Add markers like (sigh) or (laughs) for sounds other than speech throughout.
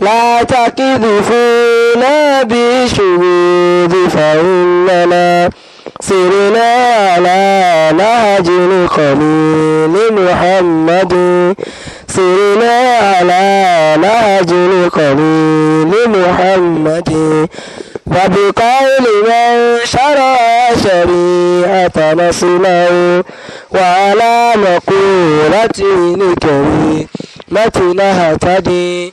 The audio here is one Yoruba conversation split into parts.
لا تقذفونا بالشذوذ فإننا سرنا على نهج الخليل محمد سرنا على نهج الخليل محمد وبقول من شرع شريعة نصله وعلى مقولته الكريمة نهتدي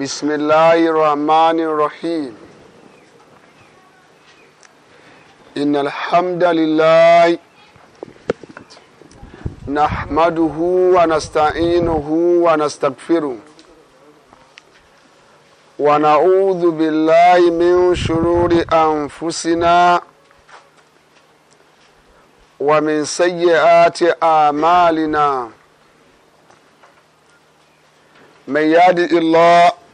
بسم الله الرحمن الرحيم إن الحمد لله نحمده ونستعينه ونستغفره ونعوذ بالله من شرور أنفسنا ومن سيئات أعمالنا من يهد الله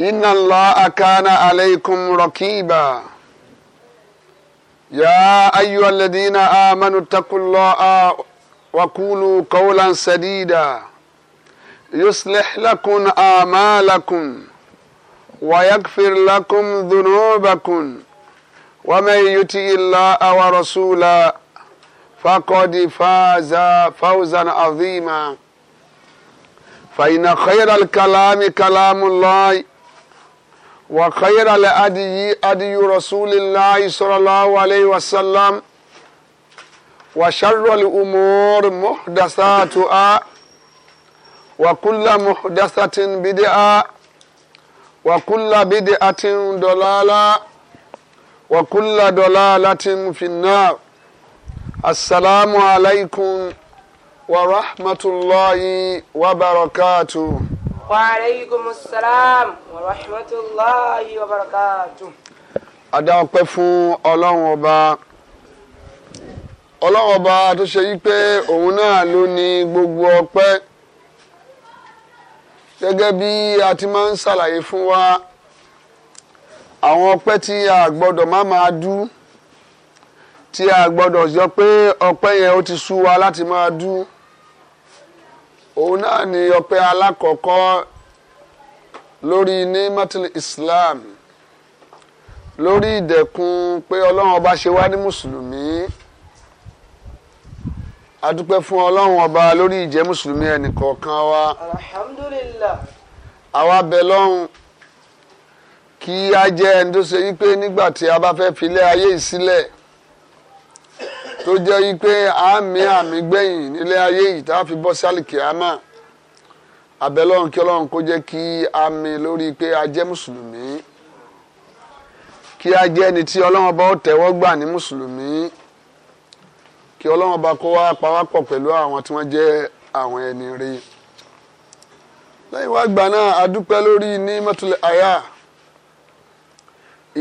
إن الله كان عليكم رقيبا يا أيها الذين آمنوا اتقوا الله وقولوا قولا سديدا يصلح لكم آمالكم ويغفر لكم ذنوبكم ومن يطع الله ورسوله فقد فاز فوزا عظيما فإن خير الكلام كلام الله وخير الأدي أدي رسول الله صلى الله عليه وسلم وشر الأمور محدثاتها وكل محدثة بدعة وكل بدعة ضلالة وكل ضلالة في النار السلام عليكم ورحمة الله وبركاته Wàhálẹ́yìkùmù sàlám wàràhìmọ́tòláyì wàbàràkàtù. Adá ọpẹ́ fún Ọlọ́run ọba. Ọlọ́run ọba tó ṣe yí pé òun náà ló ní gbogbo ọpẹ́. Gẹ́gẹ́ bí a ti máa ń ṣàlàyé fún wa, àwọn ọpẹ́ tí a gbọ́dọ̀ má máa dú tí a gbọ́dọ̀ yọ pé ọpẹ́ yẹn ó ti sú wa láti máa dú òun náà ni ọpẹ́ alákọ̀ọ́kọ́ lórí ní Islam lórí ìdẹ̀kùn pé ọlọ́run ọba ṣe wá ní mùsùlùmí adúpẹ́ fún ọlọ́run ọba lórí ìjẹ́ mùsùlùmí ẹnìkọ̀ọ̀kan wa alhamdulillah àwa bẹ lọ́hùn kí a jẹ́ ẹni tó ṣe wípé nígbà tí a bá fẹ́ filẹ̀ ayé ìsílẹ̀ tó jẹ́ wípé àmì àmì gbẹ̀yìn nílé ayé yìí tá a fi bọ́ sálìkì àmà abẹ́lọ́run kí ọlọ́run kó jẹ́ kí àmì lórí pé a jẹ́ mùsùlùmí kí a jẹ́ ẹni tí ọlọ́run ọba ó tẹ́wọ́ gbà ní mùsùlùmí kí ọlọ́run ọba kó wá pawápọ̀ pẹ̀lú àwọn tí wọ́n jẹ́ àwọn ẹni rí lẹ́yìn wá gbà náà a lórí ní mọ́tòlẹ́ àyà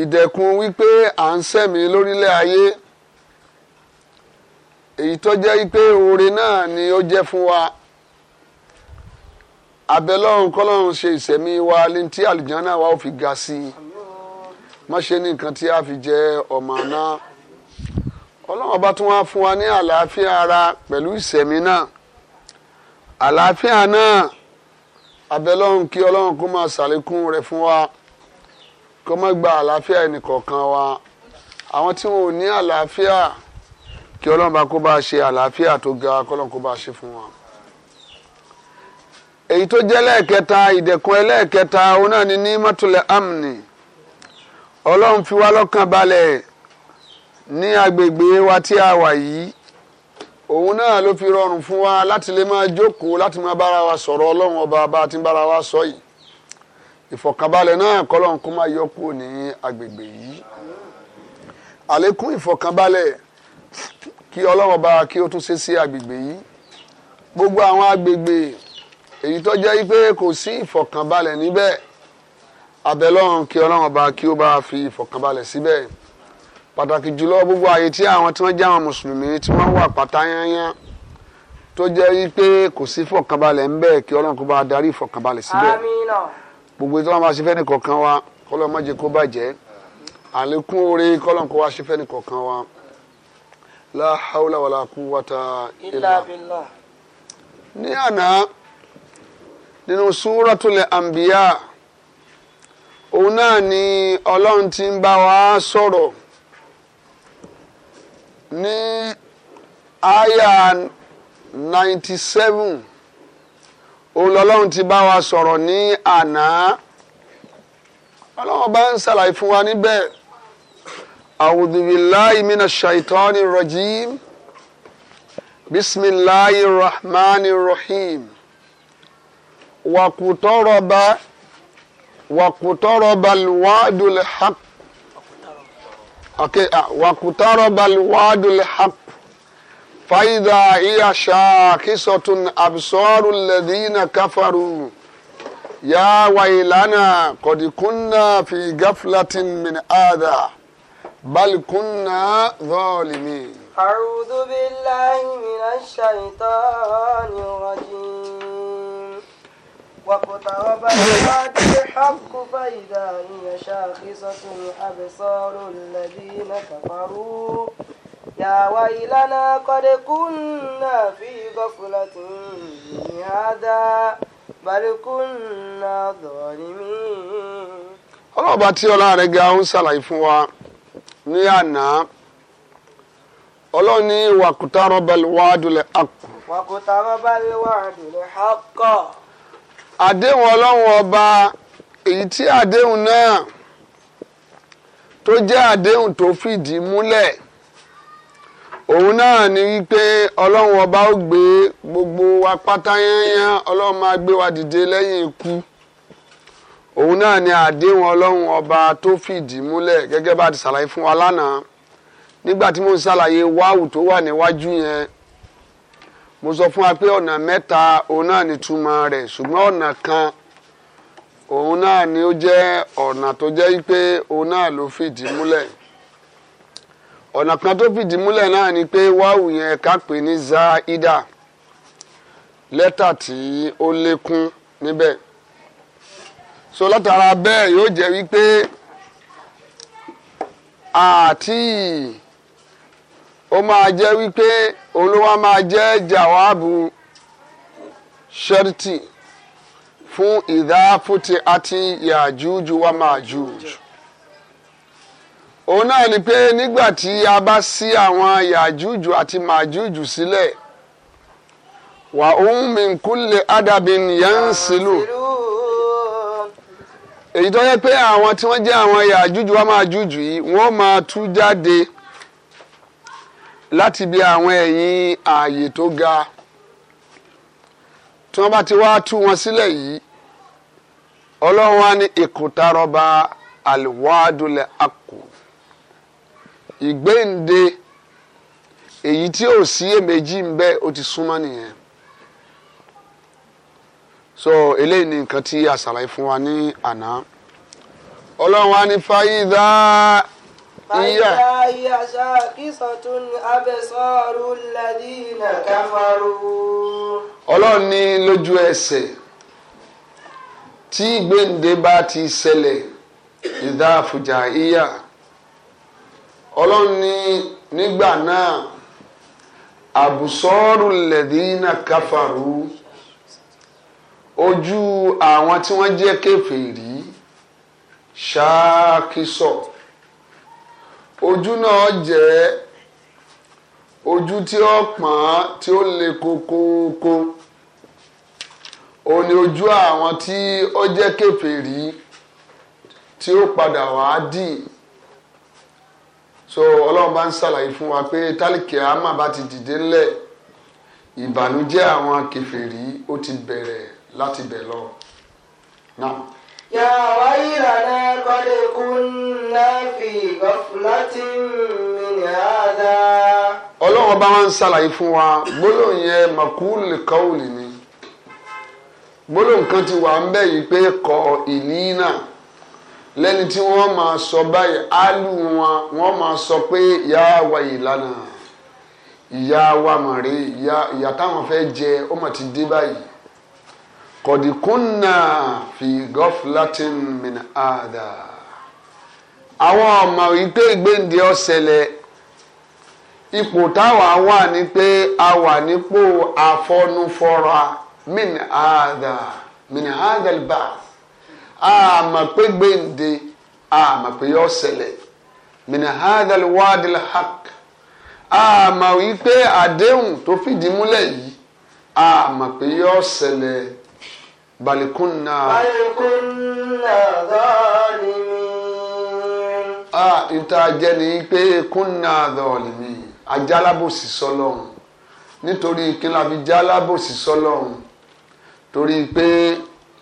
ìdẹ̀kùn wípé à ń sẹ̀mí lórílẹ̀ ayé èyí tó jẹ́ pé oore náà ni ó jẹ́ fún wa abẹ́lọ́run kọ́lọ́run ṣe ìsẹ̀mí wa létí àlùjànnà wa ó fi ga sí i má ṣe ní nǹkan tí a fi jẹ ọmọ náà ọlọ́run ọba tún wá fún wa ní àlàáfíà ara pẹ̀lú ìsẹ̀mí náà àlàáfíà náà abẹ́lọ́run kí ọlọ́run kó máa ṣàlékún rẹ̀ fún wa kó má gba àlàáfíà ẹnìkọ̀ọ̀kan wa àwọn tí wọn ò ní àlàáfíà. kí ọlọ́run bá kó bá ṣe àlàáfíà tó ga kọ́lọ́n kó bá ṣe fún wa. èyí tó jẹ́ lẹ́ẹ̀kẹta ìdẹ̀kùn ẹlẹ́ẹ̀kẹta òun náà ni ní mọ́tòlẹ̀ amni ọlọ́run fi wá lọ́kàn balẹ̀ wa tí a wà yìí òun náà ló fi rọrùn fún wa láti lè máa jókòó láti máa bára wa sọ̀rọ̀ ọlọ́run ọba bá ti wa sọ yìí ìfọ̀kànbalẹ̀ náà kọ́lọ́n kó má yọ kúrò ní agbègbè yìí àlékún kí ọlọ́run bá kí ó tún ṣe sí agbègbè yìí gbogbo àwọn agbègbè èyí tó jẹ́ pé kò sí ìfọ̀kànbalẹ̀ níbẹ̀ abẹ́lọ́run kí ọlọ́run bá kí ó bá fi ìfọ̀kànbalẹ̀ síbẹ̀ pàtàkì jùlọ gbogbo àyè tí àwọn tí wọ́n jẹ́ àwọn mùsùlùmí tí wọ́n wà pátáyányán tó jẹ́ pé kò sí ìfọ̀kànbalẹ̀ ńbẹ̀ kí ọlọ́run kó bá darí ìfọ̀kànbalẹ̀ síbẹ̀ gbogbo tí wọ́n bá ṣe fẹ́ nìkọ̀ọ̀kan wa kọ́lọ́ la hawla wala quwwata illa billah. ní àná nínú súratul anbiya òun náà ni ọlọ́run ti ń bá wa sọ̀rọ̀ ní àyà ninety seven òun lọ́lọ́run ti bá wa sọ̀rọ̀ ní àná ọlọ́run bá ń ṣàlàyé fún wa níbẹ̀. أعوذ بالله من الشيطان الرجيم بسم الله الرحمن الرحيم واقترب واقترب الوعد الحق okay. واقترب الوعد الحق فإذا هي شاخصة أبصار الذين كفروا يا ويلنا قد كنا في غفلة من هذا بل كنا ظالمين أعوذ بالله من الشيطان الرجيم واقترب الوعد الحق فإذا هي شاخصة أبصار الذين كفروا يا ويلنا قد كنا في غفلة من هذا بل كنا ظالمين. ọlọ́ọ̀bá tí ọlá rẹ̀ ga ń ṣàlàyé fún wa ní àná ọlọ́run ní wàkútà rọ́bẹ̀lì wàádùlẹ̀ àkù. wàkútà rọ́bẹ̀lì wàádùlẹ̀ àkù. àdéhùn ọlọ́run ọba èyí tí àdéhùn náà tó jẹ́ àdéhùn tó fìdí múlẹ̀ òun náà ni wípé ọlọ́run ọba ó gbé gbogbo wa pátá yányán ọlọ́run máa gbé wa dìde lẹ́yìn ikú. òun náà ni àdéhùn ọlọ́run ọba tó fìdí múlẹ̀ gẹ́gẹ́ bá ti ṣàlàyé fún wa lánàá nígbà tí mo ń ṣàlàyé wáwù tó wà níwájú yẹn mo sọ fún wa pé ọ̀nà mẹ́ta òun náà ni túmọ̀ rẹ̀ ṣùgbọ́n ọ̀nà kan òun náà ni ó jẹ́ ọ̀nà tó jẹ́ pé òun náà ló fìdí múlẹ̀ ọ̀nà kan tó fìdí múlẹ̀ náà ni pé wáwù yẹn ká pè ní zaida lẹ́tà tí ó lékún níbẹ̀ so látara bẹ́ẹ̀ yóò jẹ́ wípé àti ó máa jẹ́ wípé olówó máa jẹ́ jàwáàbù ṣẹ́rìtì fún ìdáfúti àti yàjújú wa máa jújù òun náà ni pé nígbà tí a bá ṣí àwọn yàjújù àti màjújù sílẹ̀ wà ó ń min ádàbìn yẹn ń sílù èyí tó yẹ pé àwọn tí wọ́n jẹ́ àwọn Yàjújù wa Májújù yìí wọ́n máa tú jáde láti bí àwọn ẹ̀yìn ààyè tó ga tí wọ́n bá ti wá tú wọn sílẹ̀ yìí ọlọ́run wa ní ìkùtàrọ̀ba àlùwádùlẹ̀ àkù ìgbéǹde èyí tí ò sí èméjì ń bẹ ó ti súnmọ́ nìyẹn. so eléyìí ni nǹkan tí a ṣàlàyé fún wa ní àná ọlọ́run wa ní fáyidá iya. fáyidá iya ṣàkíṣàtún abẹ́sọ́ọ̀rù ladina káfáró. ọlọ́run ní lójú ẹsẹ̀ tí gbèǹde bá ti ṣẹlẹ̀ ìdá àfùjà iya ọlọ́run ní nígbà náà àbùsọ́ọ̀rù ladina káfáró. ojú àwọn tí wọ́n jẹ́ kèfèrí ṣáàkísọ ojú náà jẹ́ ojú tí ó pọ́n tí ó le kókóókó òun ni ojú àwọn tí ó jẹ́ kèfèrí tí ó padà wàá dì so ọlọ́run bá ń ṣàlàyé fún wa pé tálíkì àmà bá ti dìde ńlẹ̀ ìbànújẹ́ àwọn kèfèrí ó ti bẹ̀rẹ̀ láti bẹ̀ lọ. Yà wá ìlànà kọ́lé kún náà fi gọ́fúlátì mi ní àdá. Ọlọ́run bá wọn ṣàlàyé fún wa gbólóhùn yẹn màkúùlì ni gbólóhùn kan ti wà ń bẹ̀ yìí pé kọ ìní náà lẹ́ni tí wọ́n máa sọ báyìí álù wọn wọ́n máa sọ pé ìyá wa ìlànà ìyá wa màrí ìyá táwọn fẹ́ jẹ ó mà ti dé báyìí kọ̀dí kúnnà fi gọ́fúlátìn min àdà àwọn ọmọ ìpè gbèǹde ọ̀sẹ̀lẹ̀ ipò táwa wà ní pé a wà nípò afọ́nufọ́ra min àdà min àdà bá a mọ̀ pé gbèǹde a mọ̀ pé yọ min àdà wadil hàk a mọ̀ wípé àdéhùn tó fìdí múlẹ̀ yìí a mọ̀ pé yọ balikunna. balikunna zalimin. ah ìta jẹ́ ni pé kunna zalimin ajálábòsí sọlọ́run nítorí kí la fi jálábòsí sọlọ́run torí pé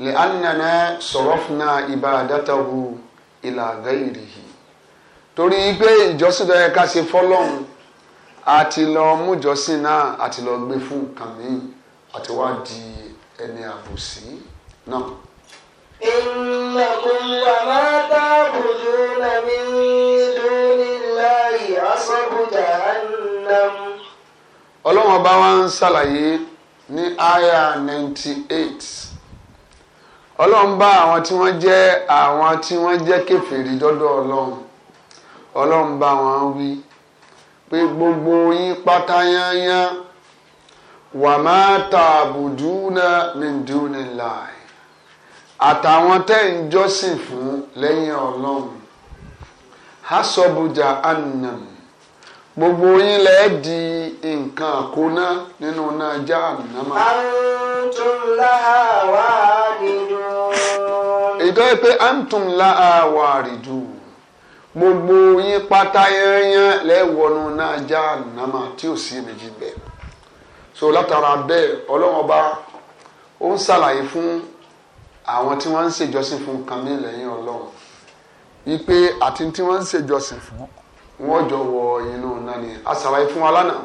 lè ánànà sọ̀rọ̀ fún náà ibà àdátàwù ìlà ghairihi torí pé ìjọsìn tó yẹ ká ṣe fọlọ́run àti lọ mú náà àti lọ gbé fún àti wá di ẹni àbòsí náà. إنكم وما تعبدون من دون الله حصب جهنم. ọlọ́run ọba wa ń ṣàlàyé ní àyà ninety eight ọlọ́run bá àwọn tí wọ́n jẹ́ àwọn tí wọ́n jẹ́ kèfèrí dọ́dọ̀ ọlọ́run ọlọ́run bá wọn wí pé gbogbo yín pátá yányán wàmà tààbùdúnà mìndúnilà àtàwọn tẹ́ ń jọ́sìn fún lẹ́yìn ọlọ́run hasobuja annam gbogbo yín lẹ di nǹkan àkóná nínú náà já ànàmà. antum laha waridun. ìdọ́ pé antum gbogbo yín pátá náà já ànàmà tí ò sí méjì bẹ́ẹ̀. so látara bẹẹ ọlọ́run ọba ó ń ṣàlàyé fún àwọn tí wọ́n ń ṣèjọsìn fún kan ní lẹ́yìn ọlọ́run wípé àti tí wọ́n ń ṣèjọsìn fún wọ́n jọ wọ inú náà ni àṣàlàyé fún wa lánàá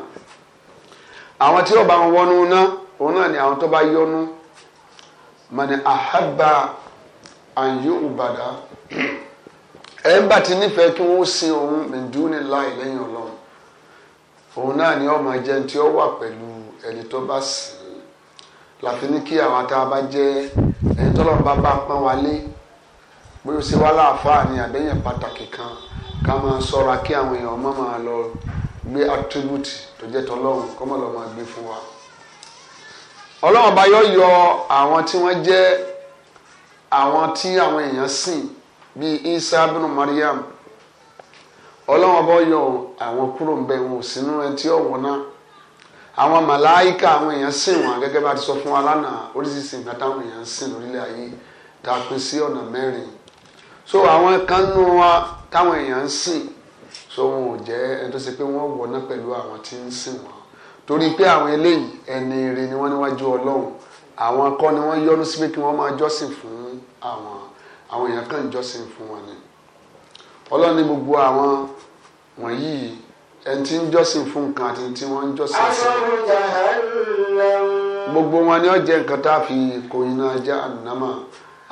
àwọn tí ọba wọn wọnú náà òun náà ni àwọn tó bá yọnu mọ̀nì àhábà àyè òbàdà ẹ̀ ń bàtí nífẹ̀ẹ́ kí wọ́n sin òun mẹ̀dúnni láì lẹ́yìn ọlọ́run òun náà ni ọmọ jẹ́ tí ọ wà pẹ̀lú ẹni tó bá sì láti ní kí àwọn táwọn bá jẹ́ ẹni tó lọ́n bá bá pọ́n wa lé bóyá ṣe wá láàfáà àbẹ́yẹn pàtàkì kan ká máa sọ́ra kí àwọn èèyàn má máa lọ gbé attribute tó jẹ́ tọlọ́run kọ́ mọ̀ lọ́ máa gbé fún wa. ọlọ́run bá yọ yọ àwọn tí wọ́n jẹ́ àwọn tí àwọn èèyàn sìn bíi Isa bin Mariam ọlọ́run bá yọ àwọn kúrò ń bẹ̀ wọn sínú ẹni tí ọ̀wọ́ náà àwọn màláìka àwọn èèyàn sìn wọn gẹ́gẹ́ bá ti sọ fún wa lánàá oríṣiríṣi nǹkan táwọn èèyàn sìn lórílẹ̀ ayé tá a sí ọ̀nà mẹ́rin so àwọn kan nù wa táwọn èèyàn sìn so wọn ò jẹ́ ẹni tó ṣe pé wọ́n wọná pẹ̀lú àwọn tí ń sìn wọn torí pé àwọn eléyìí ẹni ire ni wọ́n níwájú ọlọ́run àwọn kọ́ ni wọ́n yọ́nú sí pé kí wọ́n máa jọ́sìn fún àwọn àwọn èèyàn kan jọ́sìn fún wọn ni ọlọ́run ní gbogbo àwọn wọ̀nyí ẹni tí ń jọ́sìn fún nǹkan àti tí wọ́n ń jọ́sìn sí. gbogbo wọn ni ó jẹ́ nǹkan tá a fi kò iná jahannama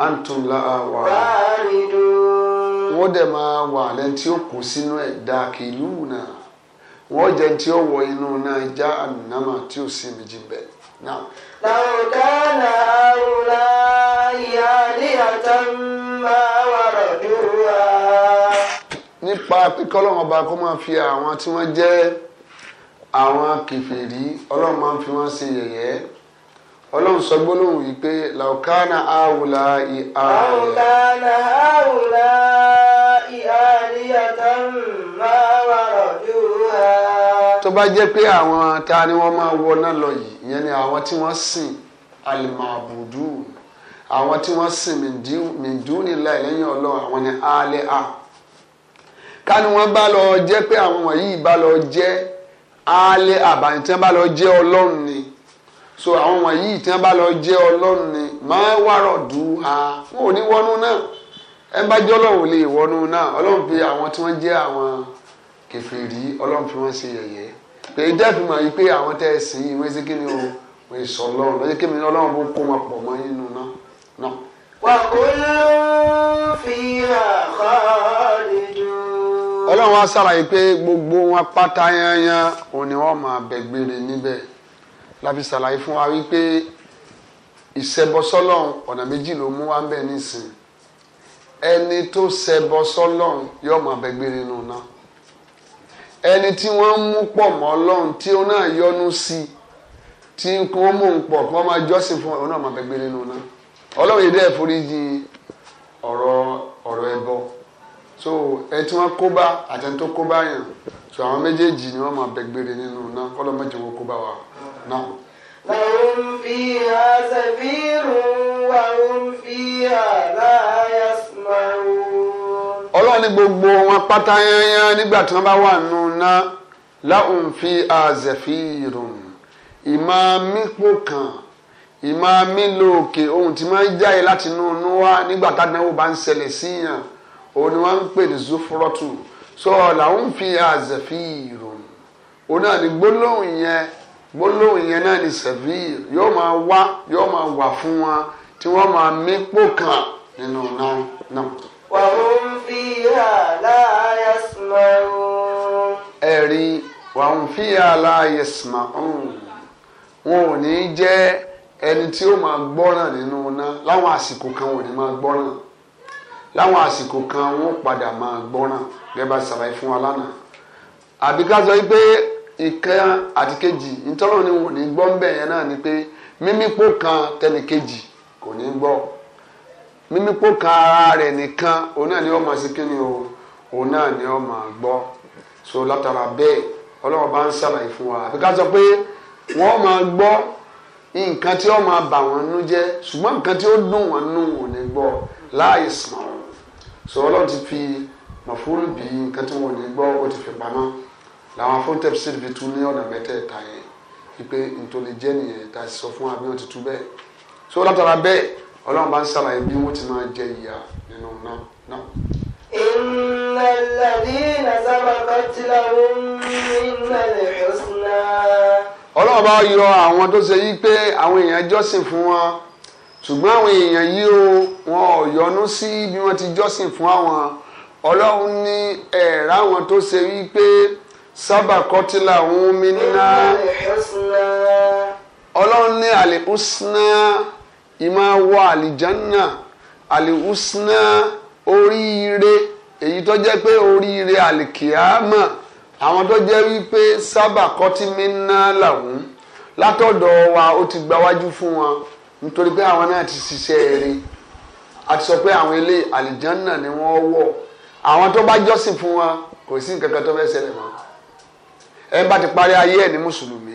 antum laha waridun. wọ́n dẹ̀ máa wà lẹ́ni tí ó kù sínú ẹ̀ dakiluna wọ́n jẹ́ tí ó wọ inú náà jahannama tí ó sì méjì bẹ́ẹ̀. Now. لو كان هؤلاء آلهة ما وردوها nípa pípẹ́ ọlọ́run ọba kó máa fi àwọn tí wọ́n jẹ́ àwọn kèfèrí ọlọ́run máa ń fi wọ́n ṣe yẹ̀yẹ́ ọlọ́run sọ gbólóhùn yìí pé làwùkánà àwùlà ìhà. làwùkánà àwùlà ìhà ní máa wà rọ̀jú tó bá jẹ́ pé àwọn ta ni wọ́n máa wọ náà lọ yìí ìyẹn ni àwọn tí wọ́n sìn alimabudu àwọn tí wọ́n sìn mìdúnilá lẹ́yìn ọlọ́run àwọn ni alẹ́ a ká ní wọ́n bá lọ jẹ́ pé àwọn wọ̀nyí bá lọ jẹ́ alẹ́ àbàyàn tí wọ́n bá lọ jẹ́ ọlọ́run ni so àwọn wọ̀nyí tí wọ́n bá lọ jẹ́ ọlọ́run ni máa wàrọ̀ dù ha fún oníwọ́nú náà ẹ bá jẹ́ ọlọ́run lè wọ́nú náà ọlọ́run fi àwọn tí wọ́n jẹ́ àwọn kèfèrí ọlọ́run fi wọ́n ṣe yẹ̀yẹ́ pé dẹ́fi mọ̀ yìí pé àwọn tẹ́ ẹ sìn ìwé sí kíni o wọ́n sọ ọlọ́run lọ́jọ́ kí mi ní bó kó wọn pọ̀ mọ́ nínú náà. wà á kó ló fi àkọ́ àdìdún ọlọ́run wa ṣàlàyé pé gbogbo wọn pátá yanyan òun ni wọ́n máa bẹ̀gbére níbẹ̀ láfi ṣàlàyé fún wa wípé ìṣẹbọsọ́lọ́run ọ̀nà méjì ló mú wá ń bẹ̀ nísìn ẹni tó ṣẹbọsọ́lọ́run yóò máa bẹ̀gbére nù náà ẹni tí wọ́n ń mú pọ̀ mọ́ ọlọ́run tí ó náà yọnu sí tí wọ́n mú un pọ̀ kí wọ́n máa jọ́sìn fún ọ̀nà máa bẹ̀gbére nù náà ọlọ́run yìí dẹ́ foríjì ọ̀rọ̀ ọ̀rọ̀ ẹbọ. E so ẹ tí koba kó bá àtẹni so àwọn méjèèjì ni wọ́n máa bẹ gbére nínú náà kọ́ koba wọn kó bá wa náà. lahum fiha zafirun wa hum fiha gbogbo wọn pátá yányán nígbà tí wọ́n bá wà nù náà lahum fiha ohun tí ma jáde láti inú inú wa nígbà bá ń ṣẹlẹ̀ òun ni wọ́n ń pè ní zufurọ́tù so làwọn fi àzẹ̀fìrù òun náà ni gbólóhùn yẹn gbólóhùn yẹn náà ni sẹ̀fìr yóò máa wá yóò máa wà fún wọn tí wọ́n máa mí pò kàn nínú náà náà. wàhùn fi hà láàyè sùmọ̀rù. ẹ̀rí wàhùn fi hà láàyè sùmọ̀rù wọn ò ní jẹ́ ẹni tí ó máa gbọ́ràn nínú náà láwọn àsìkò kan ò ní máa gbọ́ràn láwọn àsìkò kan wọ́n padà máa gbọ́ràn gẹ́gẹ́ bá ṣàlàyé fún wa lánàá àbí ká sọ pé ìkan àti kejì nítorí ni wọ́n ní gbọ́ ń bẹ̀ yẹn náà ni pé mímípò kan tẹnì kejì kò ní gbọ́ mímípò kan ara rẹ̀ nìkan òun náà ni ó máa ṣe kí ni o òun náà ni ó máa gbọ́ so látara bẹ́ẹ̀ ọlọ́run bá ń ṣàlàyé fún wa àbí ká sọ pé wọ́n máa gbọ́ nǹkan tí ó máa bà wọ́n nú jẹ́ ṣùgbọ́n nǹkan tí ó dùn wọ́n nú ò ní gbọ́ láì so ọlọ́run ti fi mọ̀fúrú bí nǹkan tí wọn ò ní gbọ́ ó ti fi pamọ́ làwọn afọ́ntẹ́pù sì fi tú ní ọ̀nà mẹ́tẹ̀ẹ̀ta yẹn wípé nítorí jẹ́ nìyẹn tá a sọ fún abẹ́ wọn ti tú bẹ́ẹ̀ so látara bẹ́ẹ̀ ọlọ́run bá ń ṣàlàyé bí wọ́n ti máa jẹ ìyà nínú náà náà. إن الذين سبقت لهم منا الحسنى. ọlọ́run bá yọ àwọn tó ṣe yí pé àwọn èèyàn jọ́sìn fún wọn ṣùgbọ́n àwọn èèyàn yìí o wọn ò yọnu sí bí wọ́n ti jọ́sìn fún àwọn ọlọ́run ní ẹ̀rá àwọn tó ṣe wípé sábà kọtílà òun mi ná ọlọ́run ní àlìhúsínà ìmọ̀ wọ àlìjánà àlìhúsínà oríire èyí tó jẹ́ pé oríire àlìkìámà àwọn tó jẹ́ wípé sábà kọtí mi ná làwọn látọ̀dọ̀ wa ó ti gbáwájú fún wọn nítorí pé àwọn náà ti ṣiṣẹ́ eré àti sọ pé àwọn ilé àlìjánná ni wọ́n wọ̀ àwọn tó bá jọ́sìn fún wọn kò sí nǹkan kan tó fẹ́ ṣẹlẹ̀ mọ́ ẹ bá ti parí ayé ẹ̀ ní mùsùlùmí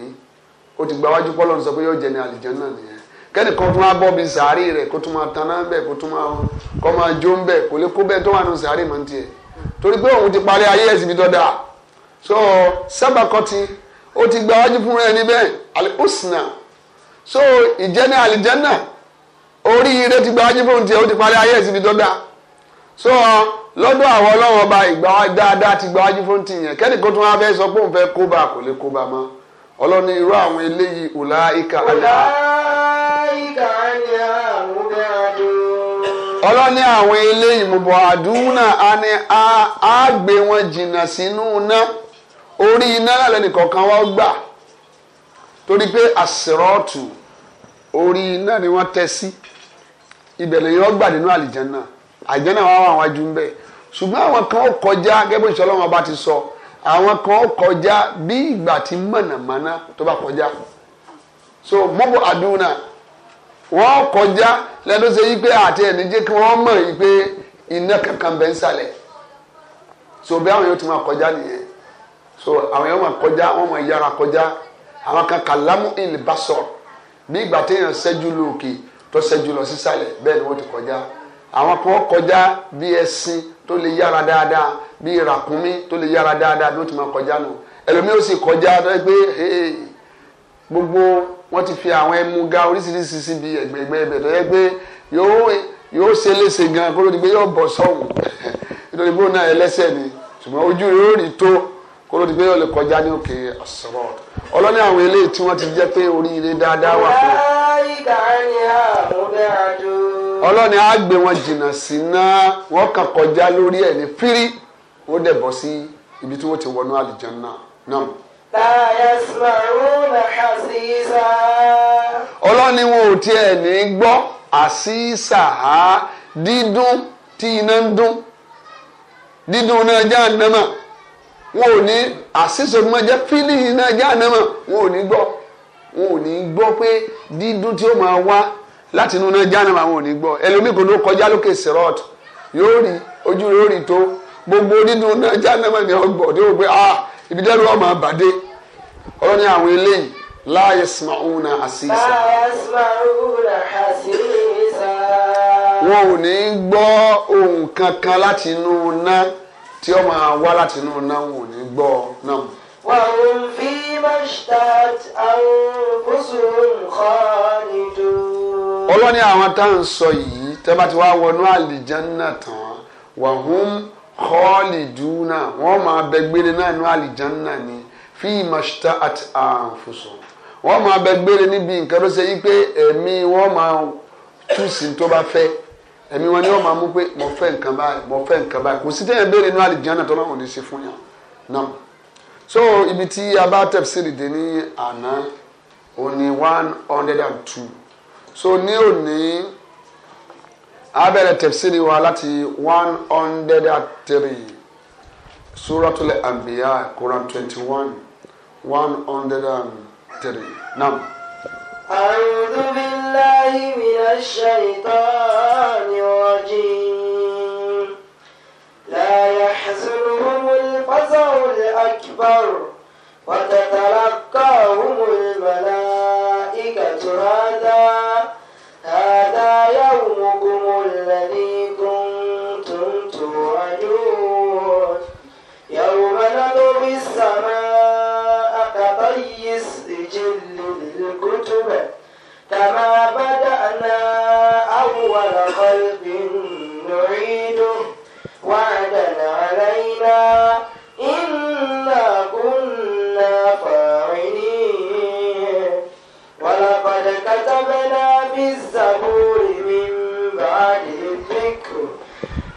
ó ti gba wájú pọ́lọ́ sọ pé yóò jẹ ní àlìjánná nìyẹn kẹ́ni kan tún wá bọ́ bí sàárì rẹ̀ kó tún máa taná ń kó tún máa kọ́ máa jó ń kó lè kó bẹ́ẹ̀ tó wà nù sàárì mọ́ tiẹ̀ torí pé òun ti parí ayé ẹ̀ síbi tó so sábàkọ́tì ó ti gba wájú fún rẹ̀ níbẹ̀ àlè ó sìn náà so ìjẹ́ni àlìjẹ́nà oríire ti gba wájú fóun tiẹ̀ ó ti parí ayé ìsinmi tó so lọ́dọ̀ àwọn ọlọ́wọ́n ba ìgbà dáadáa ti gba wájú fóun tiẹ̀ kẹ́nìkan tó wá fẹ́ sọ pé òun fẹ́ kó kò lè kó bá mọ́ ọlọ́ni irú àwọn eléyìí ọ̀la ìka àlẹ́ ọlọ́ni àwọn eléyìí àgbẹ̀ wọn jìnnà sínú iná orí iná lálẹ́ torí pé àsìrọ́ọ̀tù orí náà ni wọ́n tẹ́ sí ibẹ̀ lèyìn ọgbà nínú àlìjánná àlìjánná wọn wà wájú ń bẹ̀ ṣùgbọ́n àwọn kan ó kọjá gẹ́gẹ́ bó ṣe ọlọ́run ọba ti sọ àwọn kan ó kọjá bí ìgbà tí mọ̀nàmọ́ná tó bá kọjá so mọ́bù àdúrà wọ́n kọjá lẹ́nu ṣe yí pé àti ẹ̀ní jẹ́ kí wọ́n mọ̀ yí pé iná kankan bẹ́ ń sàlẹ̀ so bí àwọn yóò ti máa kọjá nìyẹn so àwọn yóò máa kọjá wọ́n máa yára kọjá àwọn kan kàlámù ìlú bá sọ bí ìgbà téèyàn ṣẹ́jú lóòkè tó ṣẹ́jú lọ sísàlẹ̀ bẹ́ẹ̀ ni wọ́n ti kọjá àwọn kan kọjá bí ẹṣin tó lè yára dáadáa bí ràkúnmí tó lè yára dáadáa bí wọ́n ti máa kọjá nù ẹlòmíì ó sì kọjá tó yẹ pé gbogbo wọ́n ti fi àwọn ẹmu ga oríṣiríṣi síbi ẹ̀gbẹ̀gbẹ̀ ẹ̀bẹ̀ tó yẹ pé yóò ṣe léṣe gan kó ló di pé yóò bọ̀ sọ́hùn (laughs) nítorí bóun náà ni ṣùgbọ́n ojú rẹ̀ ó rí tó kó ló di pé yóò lè kọjá ní òkè ọ̀sọ̀rọ̀ ọlọ́ni àwọn eléyìí tí wọ́n ti jẹ́ pé oríire dáadáa wà fún wọn. ọlọ́ni á gbé wọn jìnnà sí náà wọ́n kàn kọjá lórí ẹ̀ ní fírí wọ́n dẹ̀ bọ́ sí ibi tí wọ́n ti wọnú àlìjánnà náà. ọlọ́ni wọn ò tiẹ̀ ní gbọ́ àṣìṣà á dídún tí iná ń dún dídún náà jáde náà. wọn ò ní àṣìṣe mọ jẹ fílíì náà jẹ ànámọ wọn ò ní ò ní gbọ́ pé dídún tí ó máa wá láti inú náà jẹ ànámọ àwọn ò ní gbọ́ ẹlòmíì kò ló gbogbo dídún náà jẹ ànámọ ni wọn ah ibi dẹ́rù ọmọ àbàdé ní àwọn eléyìí láàyè náà àṣìṣe. láàyè náà àṣìṣe. wọn ò ní ohun kankan láti tí ó máa wá láti inú náà wò ní gbọ́ náà. وهم فيما اشتهت أنفسهم خالدون. ọlọ́ni àwọn tá à ń sọ yìí tẹ́ bá ti wá wọnú àlìjánná tán wàhùn khaliduna wọ́n máa bẹ gbére náà nú àlìjánná ni fíì mọ̀ṣítà àti àǹfùsùn wọ́n máa bẹ gbére níbi nǹkan tó ṣe yí pé ẹ̀mí wọ́n máa tú sí tó bá fẹ́ ẹ̀mí wọn ni wọ́n máa mú pé mo fẹ́ nǹkan báyìí mo fẹ́ nǹkan báyìí kò sí tẹ́yẹ̀ béèrè inú àlìjáná tó láwọn ò ní ṣe fún yàn náà so ibi tí a bá tẹ̀síìrì dé ní àná ò ní one hundred and two so ní òní a bẹ̀rẹ̀ tẹ̀síìrì wa láti one hundred and three suratul anbiya quran twenty one one hundred and three náà. أعوذ بالله من الشيطان الرجيم لا يحزنهم الفزع الأكبر وتتلقاهم الملائكة هذا هذا يومكم الذي كنتم توعدون يوم نطوي السماء الكتب كما بدأنا أول خلق نعيده وعدا علينا إنا كنا فاعلين ولقد كتبنا في الزبور من بعد الذكر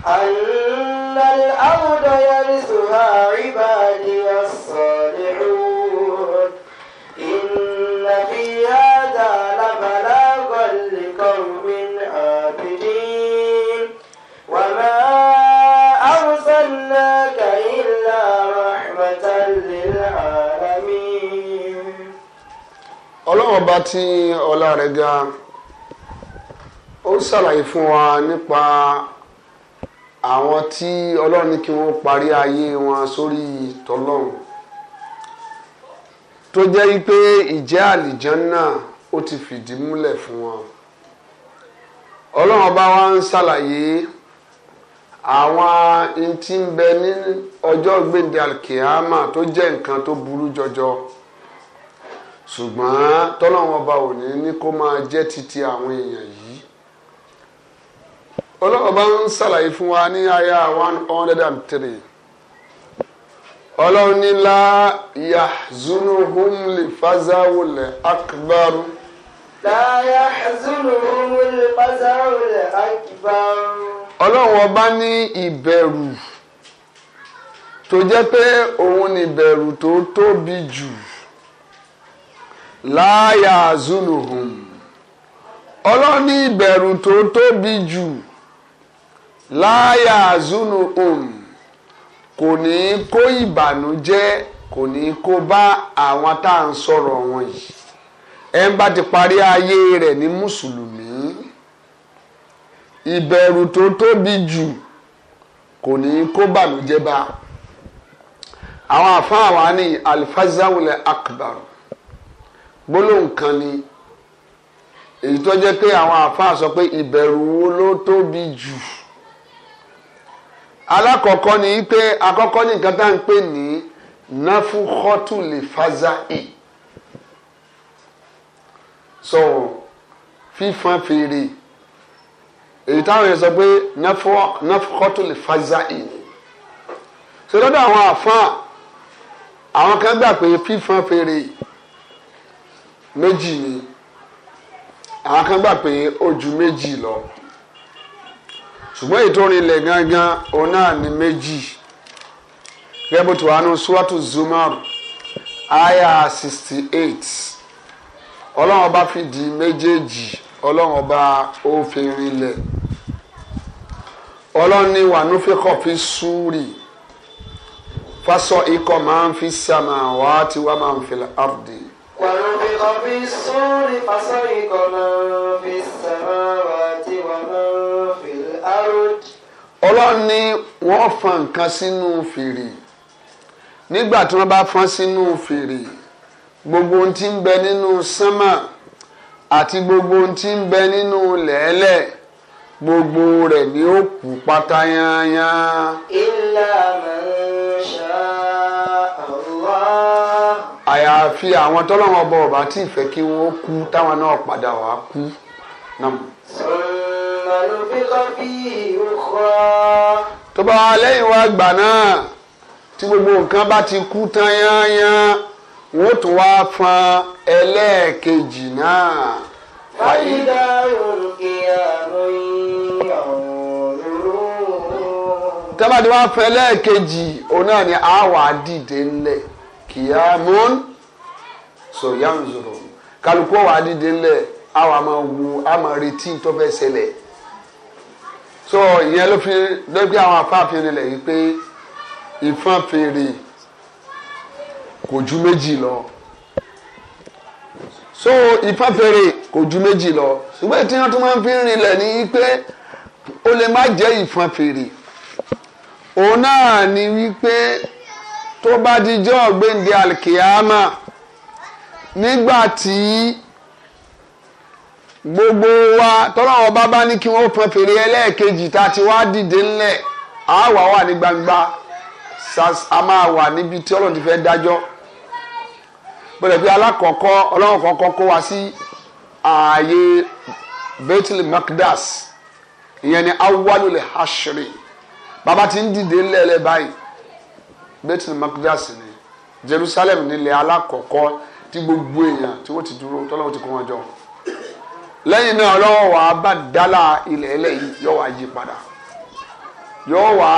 أن الأرض يرثها عبادي الصالحون ọba tí ọlá rẹ̀ ga ó ṣàlàyé fún wa nípa àwọn tí ọlọ́run ní kí wọ́n parí ayé wọn sórí tọlọ́run tó jẹ́ wípé ìjẹ́ àlìjánná ó ti fìdí múlẹ̀ fún wọn ọlọ́run ọba wa ń ṣàlàyé àwọn ntí ń bẹ ní ọjọ́ gbèǹde alkiyama tó jẹ́ nǹkan tó burú jọjọ ṣùgbọ́n tọ́lọ́wọ́n ọba ò ní ní kó máa jẹ́ títí àwọn èèyàn yìí ọlọ́wọ́n bá ń ṣàlàyé fún wa ní aya one hundred and three ọlọ́run ní la yahzunuhum lè fásáwòlẹ̀ akbaru. la yahzunuhum lè fásáwòlẹ̀ akbaru. ọlọ́run ọba ní ìbẹ̀rù tó jẹ́ pé òun ní ìbẹ̀rù tó tóbi jù láyà zunuhum ọlọ́ni ìbẹ̀rù tó tóbi jù láyà zunuhum kò ní kó ìbànújẹ́ kò ní kó bá àwọn tá à ń sọ̀rọ̀ wọn yìí ẹ ń bá ti parí ayé rẹ̀ ní mùsùlùmí ìbẹ̀rù tó tóbi jù kò ní kó bànújẹ́ bá àwọn àfáà wa ní alifazawulẹ̀ akbar gbólóhùn kan ni èyí tó jẹ́ pé àwọn àáfàá sọ pé ìbẹ̀rù wo ló tóbi jù alákọ̀ọ́kọ́ ni pé àkọ́kọ́ ní nǹkan tá à ń pè ní náfúkọ́tù lè fáza ì so fífọn fèrè èyí táwọn yẹn sọ pé náfúkọ́tù lè fáza ì ni so lọ́dọ̀ àwọn àáfàá àwọn kan gbà pé fífọn fèrè méjì ni àwọn kan gbà pé ó ju méjì lọ ṣùgbọ́n ètò orinlẹ̀ gangan òun náà ni méjì gẹ́gẹ́ bó ti wà nù suratu Zumar aya sixty eight ọlọ́run ọba fi di méjèèjì ọlọ́run ọba ó fi rinlẹ̀ ọlọ́run ní wànúfẹ́kọ̀ fi súrì fásọ ikọ̀ máa ń fi sàmà wá tí máa ń fi àrùdì ونفخ في الصور فصعق من في السماوات ومن في الأرض. Ọlọ́run ní wọ́n fọn nǹkan sínú fèrè nígbà tí wọ́n bá fọn sínú fèrè gbogbo ohun tí ń bẹ nínú sánmà àti gbogbo ohun tí ń bẹ nínú lẹ́ẹ̀lẹ̀ gbogbo rẹ̀ ni ó kú pátáyányá. Ìlànà ṣáá àyàfi àwọn tọ́lọ́wọ́ ọba ọba tí ìfẹ́ kí wọ́n kú táwọn náà padà wá kú náà. sọ̀nà ló fi kọ́ bí ìwúkọ́. tó bá lẹ́yìn wá gbà náà tí gbogbo nǹkan bá ti kú tán yányán wọ́n tún wá fọn ẹlẹ́ẹ̀kejì náà. fàyídà òkè àròyìn ọ̀rọ̀. tábàdí wá fẹ́ ẹlẹ́ẹ̀kejì òun náà ni àwa dìde ńlẹ̀ kiamun so yanzuru kálukú wà á dìde ńlẹ̀ á wu á retí tó fẹ́ ṣẹlẹ̀ so ìyẹn ló fi lẹ́gbẹ́ àwọn afáàfin nílẹ̀ yìí pé ìfọ́n fèrè kò ju méjì lọ so ìfọ́n fèrè kò ju méjì lọ ṣùgbọ́n ètò yẹn tó máa ń fi rinlẹ̀ ní pé ó lè má jẹ́ ìfọ́n fèrè òun náà ni wípé tó bá dijọ́ gbéǹde alikiyama nígbà tí gbogbo wa tọ́lá wọn bá bá ní kí wọ́n pọn fèrè ẹlẹ́ẹ̀kejì tá a ti wá dìde ńlẹ̀ á wà wà ní gbangba a máa wà níbi tí ọlọ́run ti fẹ́ dájọ́ bọ́dẹ̀ bí alákọ̀ọ́kọ́ ọlọ́run kọ̀ọ̀kan kó wa sí ààyè Bethel Makdas ìyẹn ni awalul hashri bàbá ti ń dìde ńlẹ̀ lẹ́ báyìí Bethel Magdas ni Jerusalem nílẹ̀ alákọ̀ọ́kọ́ tí gbogbo èèyàn tí wọ́n ti dúró tọ́lọ́wọ́ ti kó wọn jọ lẹ́yìn náà ọlọ́wọ́ wa bá dálà ilẹ̀ ẹlẹ́yìí yóò padà yóò wá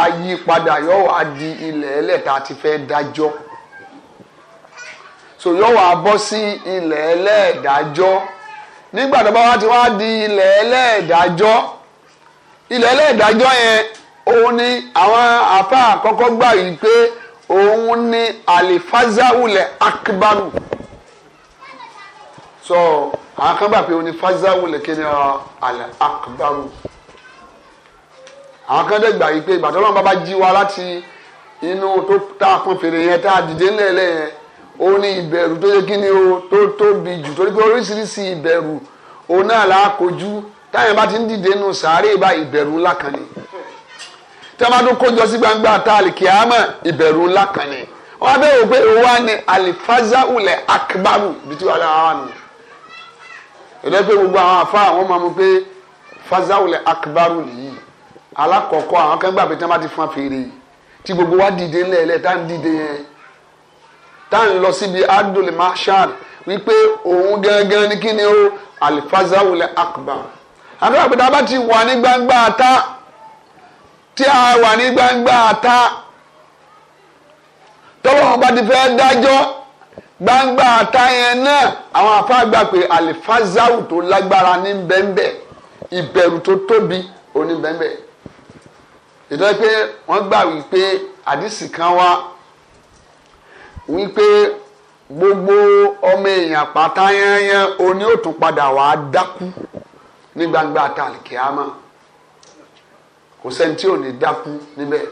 padà yóò wá di ilẹ̀ ẹlẹ́ta ti fẹ́ dájọ́ so yóò wá bọ́ sí ilẹ̀ ẹlẹ́ẹ̀dájọ́ nígbà tó bá wá ti wá di ilẹ̀ ẹlẹ́ẹ̀dájọ́ ilẹ̀ ẹlẹ́ẹ̀dájọ́ yẹn òun ni òun ni le akibaru so àwọn kan òun ni fazawulẹ̀ kí akibaru bàbá jí wa láti inú tó to a yẹn tá a dìde ńlẹ̀ẹ́lẹ̀ yẹn ó ní ìbẹ̀rù tó yẹ o tó tóbi jù torí pé oríṣiríṣi ìbẹ̀rù òun náà là á kojú táyà bá ti ń dìde nù sàárè bá kan tẹ́mátó kójọ sí gbangba atali àlìkìyàmọ̀ ìbẹ̀rù ńlá kan ni wọ́n á bẹ̀rù pé òwa ni àlìfáza ulẹ̀ akibaru bí tí wọ́n lọ wà nù. ìdẹ́ pé gbogbo àwọn afá àwọn máa mú pé fáza ulẹ̀ akibaru nìyí alákọ̀ọ́kọ́ àwọn kan gbà pé tẹ́mátó ti fún fèrè gbogbo wa dìde ńlẹ̀ẹ́lẹ̀ tá à dìde yẹn tá à lọ síbi adol mashal wípé òun gangan ni kí ni ó àlìfáza ulẹ̀ akibaru àbẹ́rẹ́ àbẹ́dá bá ti wà ní gbangba tá tí a wà ní gbangba àta tọ́lọ́wọ́n bá ti fẹ́ dájọ́ gbangba àta yẹn náà àwọn afá gbà pé àlìfáàzáwù tó lágbára ní bẹ́ńbẹ́ ìbẹ̀rù tó tóbi òní bẹ́ńbẹ́ ìtọ́ pé wọ́n gbà wípé àdìsí kan wá wípé gbogbo ọmọ èèyàn pátá yẹn yẹn oní òtún padà wàá dákú ní gbangba àta àlìkèámà kò sẹ́ni tí ò ní dákú níbẹ̀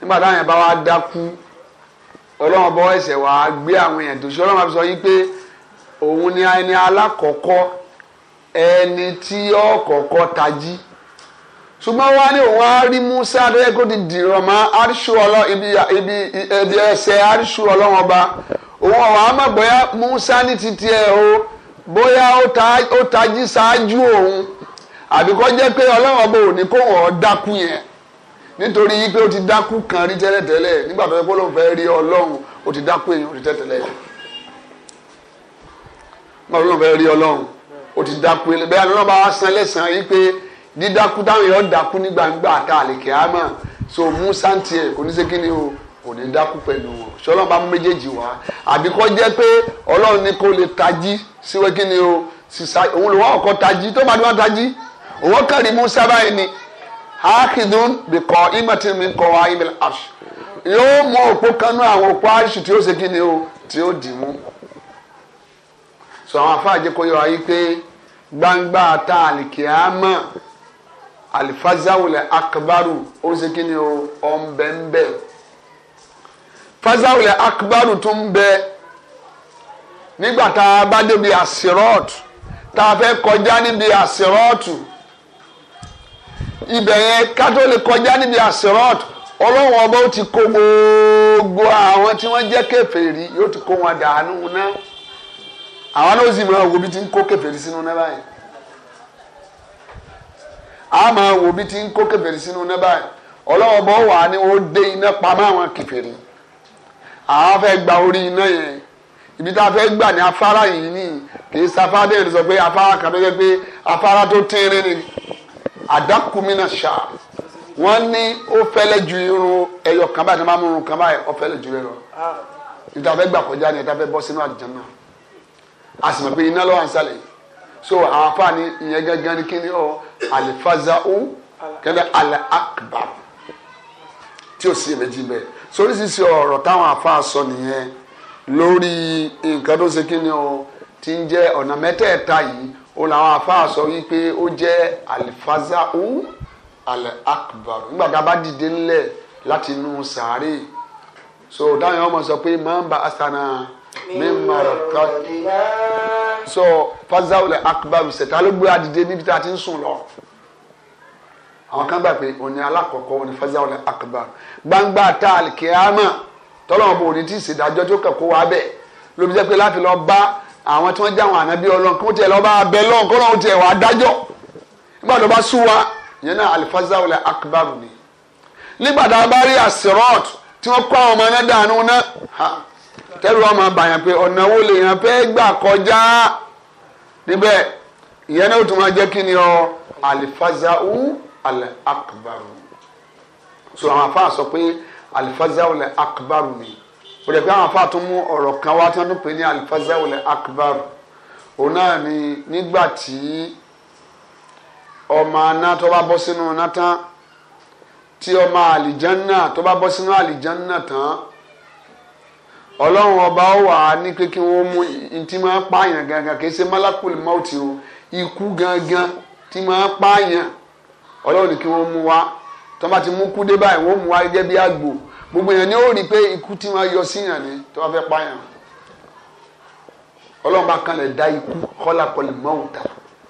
nígbà táwọn yẹn bá wá dákú ọlọ́run bọ́ ẹsẹ̀ wàá gbé àwọn èèyàn tó ṣe ọlọ́run bá fi sọ yí pé òun ni ẹni alákọ̀ọ́kọ́ ẹni tí ọ̀kọ̀ọ̀kọ́ tají ṣùgbọ́n wá ní òun á Musa adéyẹ kó ti dìrọ̀ mọ́ àríṣù ibi ibi ẹsẹ̀ àríṣù ọlọ́run ọba òun ọ̀wọ́ á mọ̀ bóyá Musa ní titi ẹ̀ o bóyá ó tají ṣáájú òun àbíkọ́ jẹ́ pé ọlọ́wọ́n bò ní kó wọ́n dákú yẹn nítorí pé ó ti dákú kan rí tẹ́lẹ̀tẹ́lẹ̀ nígbà tó yẹ kó ló fẹ́ rí ọlọ́run ó ti dákú èèyàn rí tẹ́lẹ̀tẹ́lẹ̀ nígbà tó ló fẹ́ rí ọlọ́run ó ti dákú èèyàn bẹ́ẹ̀ lọ́nà bá san lẹ́sàn-án yìí pé dídákú táwọn èèyàn dákú ní gbangba àti àlèkè àmọ́ so musa ń tiẹ̀ kò ní ṣe kí ni o kò ní dákú pẹ̀lú wọn ṣọlọ́run bá mú méjèèjì wá àbí kọ́ jẹ́ pé ọlọ́run ni kó lè tají síwẹ́ kí ni o sísá òun lè wá ọkọ̀ tají tó bá dé wá tají òwò kàrí musa báyìí ni akidun bìkọ imati mi kọ wa ibi ash yóò mú òpó kanú àwọn òpó ash tí ó ṣe kí o tí ó dì mú sọ àwọn afáàjẹ kò yọ gbangba alikiyama alifazawulẹ akabaru ó ṣe kí ni o ibẹ̀ yẹn kátó lè kọjá níbi àsirọ́t ọlọ́run ọba ó gbogbo àwọn tí wọ́n jẹ́ kèfèrí yóò ti kó wọn dànù náà àwọn náà ó sì máa wo bí ti ń kó kèfèrí sínú báyìí a máa wo bí ti ń kó sínú báyìí ọlọ́run ọba ó wà ní ó dé iná pamọ́ àwọn àwọn gba a fẹ́ gbà ní afárá yìí kì í sọ pé afárá kan tó pé àdákùnmínà ṣá wọ́n ní ó fẹ́lẹ́ ju irun ẹyọ kan báyìí tó máa mú irun kan báyìí ó fẹ́lẹ́ ju irun níta fẹ́ gbà kọjá ni níta fẹ́ bọ́ sínú àjànà a sì mọ̀ pé iná lọ́wọ́ ànsálẹ̀ yìí so àwọn afáàní ìyẹn gángan ni kí ni ọ àlìfáza ó kẹ́lẹ́ àlẹ́ akbar tí ó sì èméjì bẹ́ẹ̀ soríṣiríṣi ọ̀rọ̀ táwọn afáà sọ nìyẹn lórí nǹkan tó ṣe kí ni ọ ti ń jẹ́ ọ̀nà mẹ́tẹ̀ẹ̀ta yìí òun làwọn afáà sọ wípé ó jẹ́ alifazau al-akbar nígbà tá a bá dìde ńlẹ̀ láti inú sàárè so dáhùn ọmọ sọ pé máa ń ba asana mímọ rẹ so fazau al-akbar ṣètà ló gbé adìde níbi tá a ti ń sùn lọ àwọn kan gbà pé òní alákọ̀ọ́kọ́ òní fazau al-akbar gbangba tá a lè kí á mọ̀ tọ́lọ́mọ̀bọ̀ òní tí ìṣèdájọ́ tó kẹ́kọ̀ọ́ wa bẹ̀ lóbi jẹ́ pé láti lọ bá àwọn tí wọ́n jẹ́ àwọn ànábí ọlọ́run kí wọ́n tiẹ̀ lọ bá abẹ lọ́run kó lọ́run tiẹ̀ wà á dájọ́ nígbà tó bá sú wa ìyẹn náà alifaza wọlé akbar ni nígbà tá a bá rí asirot tí wọ́n kó àwọn ọmọ náà dànù náà tẹ́lu ọmọ bàyàn pé ọ̀nà wo lè yàn pé gbà kọjá níbẹ̀ ìyẹn náà ó tún máa jẹ́ kí ni ọ alifaza u akbar so àwọn afa sọ pé alifaza wọlé akbar ni ó lè pé àwọn afa tó mú ọ̀rọ̀ kan wá tí wọ́n tún pè ní alifazawul akbar òun náà ni nígbà tí ọmọ aná tó bá bọ́ sínú iná tán tí ọmọ àlìjánná tó bá bọ́ sínú àlìjánná tán ọlọ́run ọba ó wà á ní pé kí wọ́n mú ntí máa pààyàn gangan kì í ṣe malakul mauti o ikú gangan tí máa pààyàn ọlọ́run ní kí wọ́n mú wá tó ti mú kú dé báyìí wọ́n mú wá gẹ́gẹ́ bí àgbò gbogbo èèyàn ni ó rí i pé ikú tí wọ́n yọ síyàn ni tí wọ́n fẹ́ pààyàn ọlọ́run bá kan lè dá ikú kọ́lá kọ́lé mọ́wùtà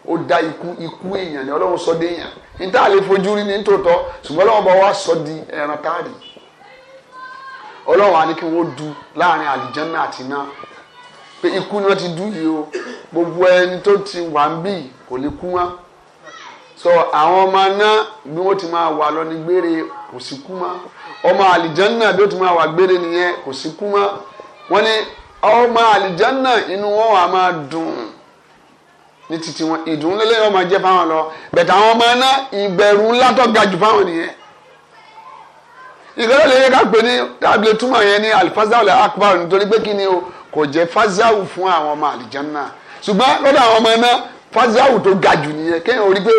ó dá ikú ikú èèyàn ni ọlọ́run sọ dé èèyàn ní tá a lè fojú rí ní tòótọ́ ṣùgbọ́n ọlọ́run bá wá sọ di ẹran táàdì ọlọ́run á ní kí du láàrin àlìjánná àti iná pé ikú ni wọ́n ti dú yìí o gbogbo ẹni tó ti wà ń bì kò lè kú wọn so àwọn ọmọ náà bí wọ́n ti máa wà lọ ní gbére kò sí kú wọn ọmọ àlìjánná bí ó ti máa wà gbére nìyẹn kò sí kú mọ́ wọ́n ní ọmọ àlìjánná inú wọn wà máa dùn ní títí wọn ìdùnnú lélẹ́yìn ọmọ jẹ́ fáwọn lọ bẹ̀tẹ̀ àwọn ọmọ náà ìbẹ̀rù ńlá tó ga jù fáwọn nìyẹn ìgbẹ́rẹ́ lè yẹ ká pè ní tábìlì túmọ̀ yẹn ní alifazawul akbar nítorí pé kí ni o kò jẹ́ fazawu fún àwọn ọmọ àlìjánná ṣùgbọ́n lọ́dọ̀ àwọn ọmọ náà fazawu tó ga jù nìyẹn kéèyàn rí pé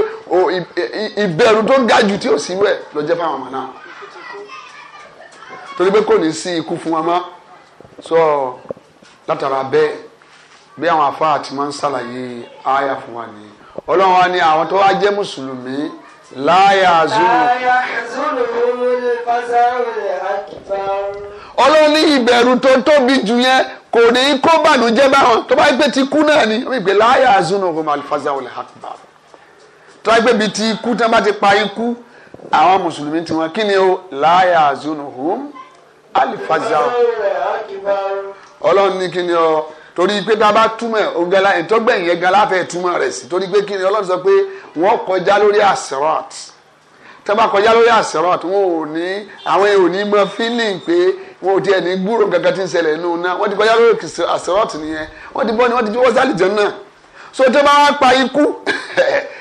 ìbẹ̀rù tó ga jù tí ò sí wẹ̀ ló jẹ́ fáwọn ọmọ náà torí pé kò ní sí ikú fún wa mọ́ sọ látara bẹ́ẹ̀ bí àwọn afáà ti máa ń ṣàlàyé àyà fún wa nìyẹn ọlọ́run wa ni àwọn tó wá jẹ́ mùsùlùmí láyà zulu. láyà zulu ọlọ́run ní ìbẹ̀rù tó tóbi jù yẹn kò ní kó bànújẹ́ báwọn tó bá pẹ́ ti kú náà ni wọ́n ìgbé láyà zulu ọ̀hún alifaza wọlé àkùbá tó bá pẹ́ bi ti kú tí wọ́n bá ti pa ikú àwọn mùsùlùmí tiwọn kí ni o láyà zulu ọ̀hún alifaza ọlọ́run ní kí ni ọ torí pé tá a bá túmọ̀ ọ̀gẹ́lá ìtọ́gbẹ̀yìn yẹn gan láfẹ̀ẹ́ túmọ̀ rẹ̀ sí torí pé kí ni ọlọ́run sọ pé wọ́n kọjá lórí asirat tí wọ́n bá kọjá lórí asirat wọn ò ní àwọn èèyàn ò ní mọ feeling pé wọn ò tiẹ̀ ní gbúrò gàgà tí ń ṣẹlẹ̀ nínú náà wọ́n ti kọjá lórí asirat nìyẹn wọ́n ti bọ́ ni wọ́n ti fi wọ́n sálì jẹun náà so tó bá wá pa ikú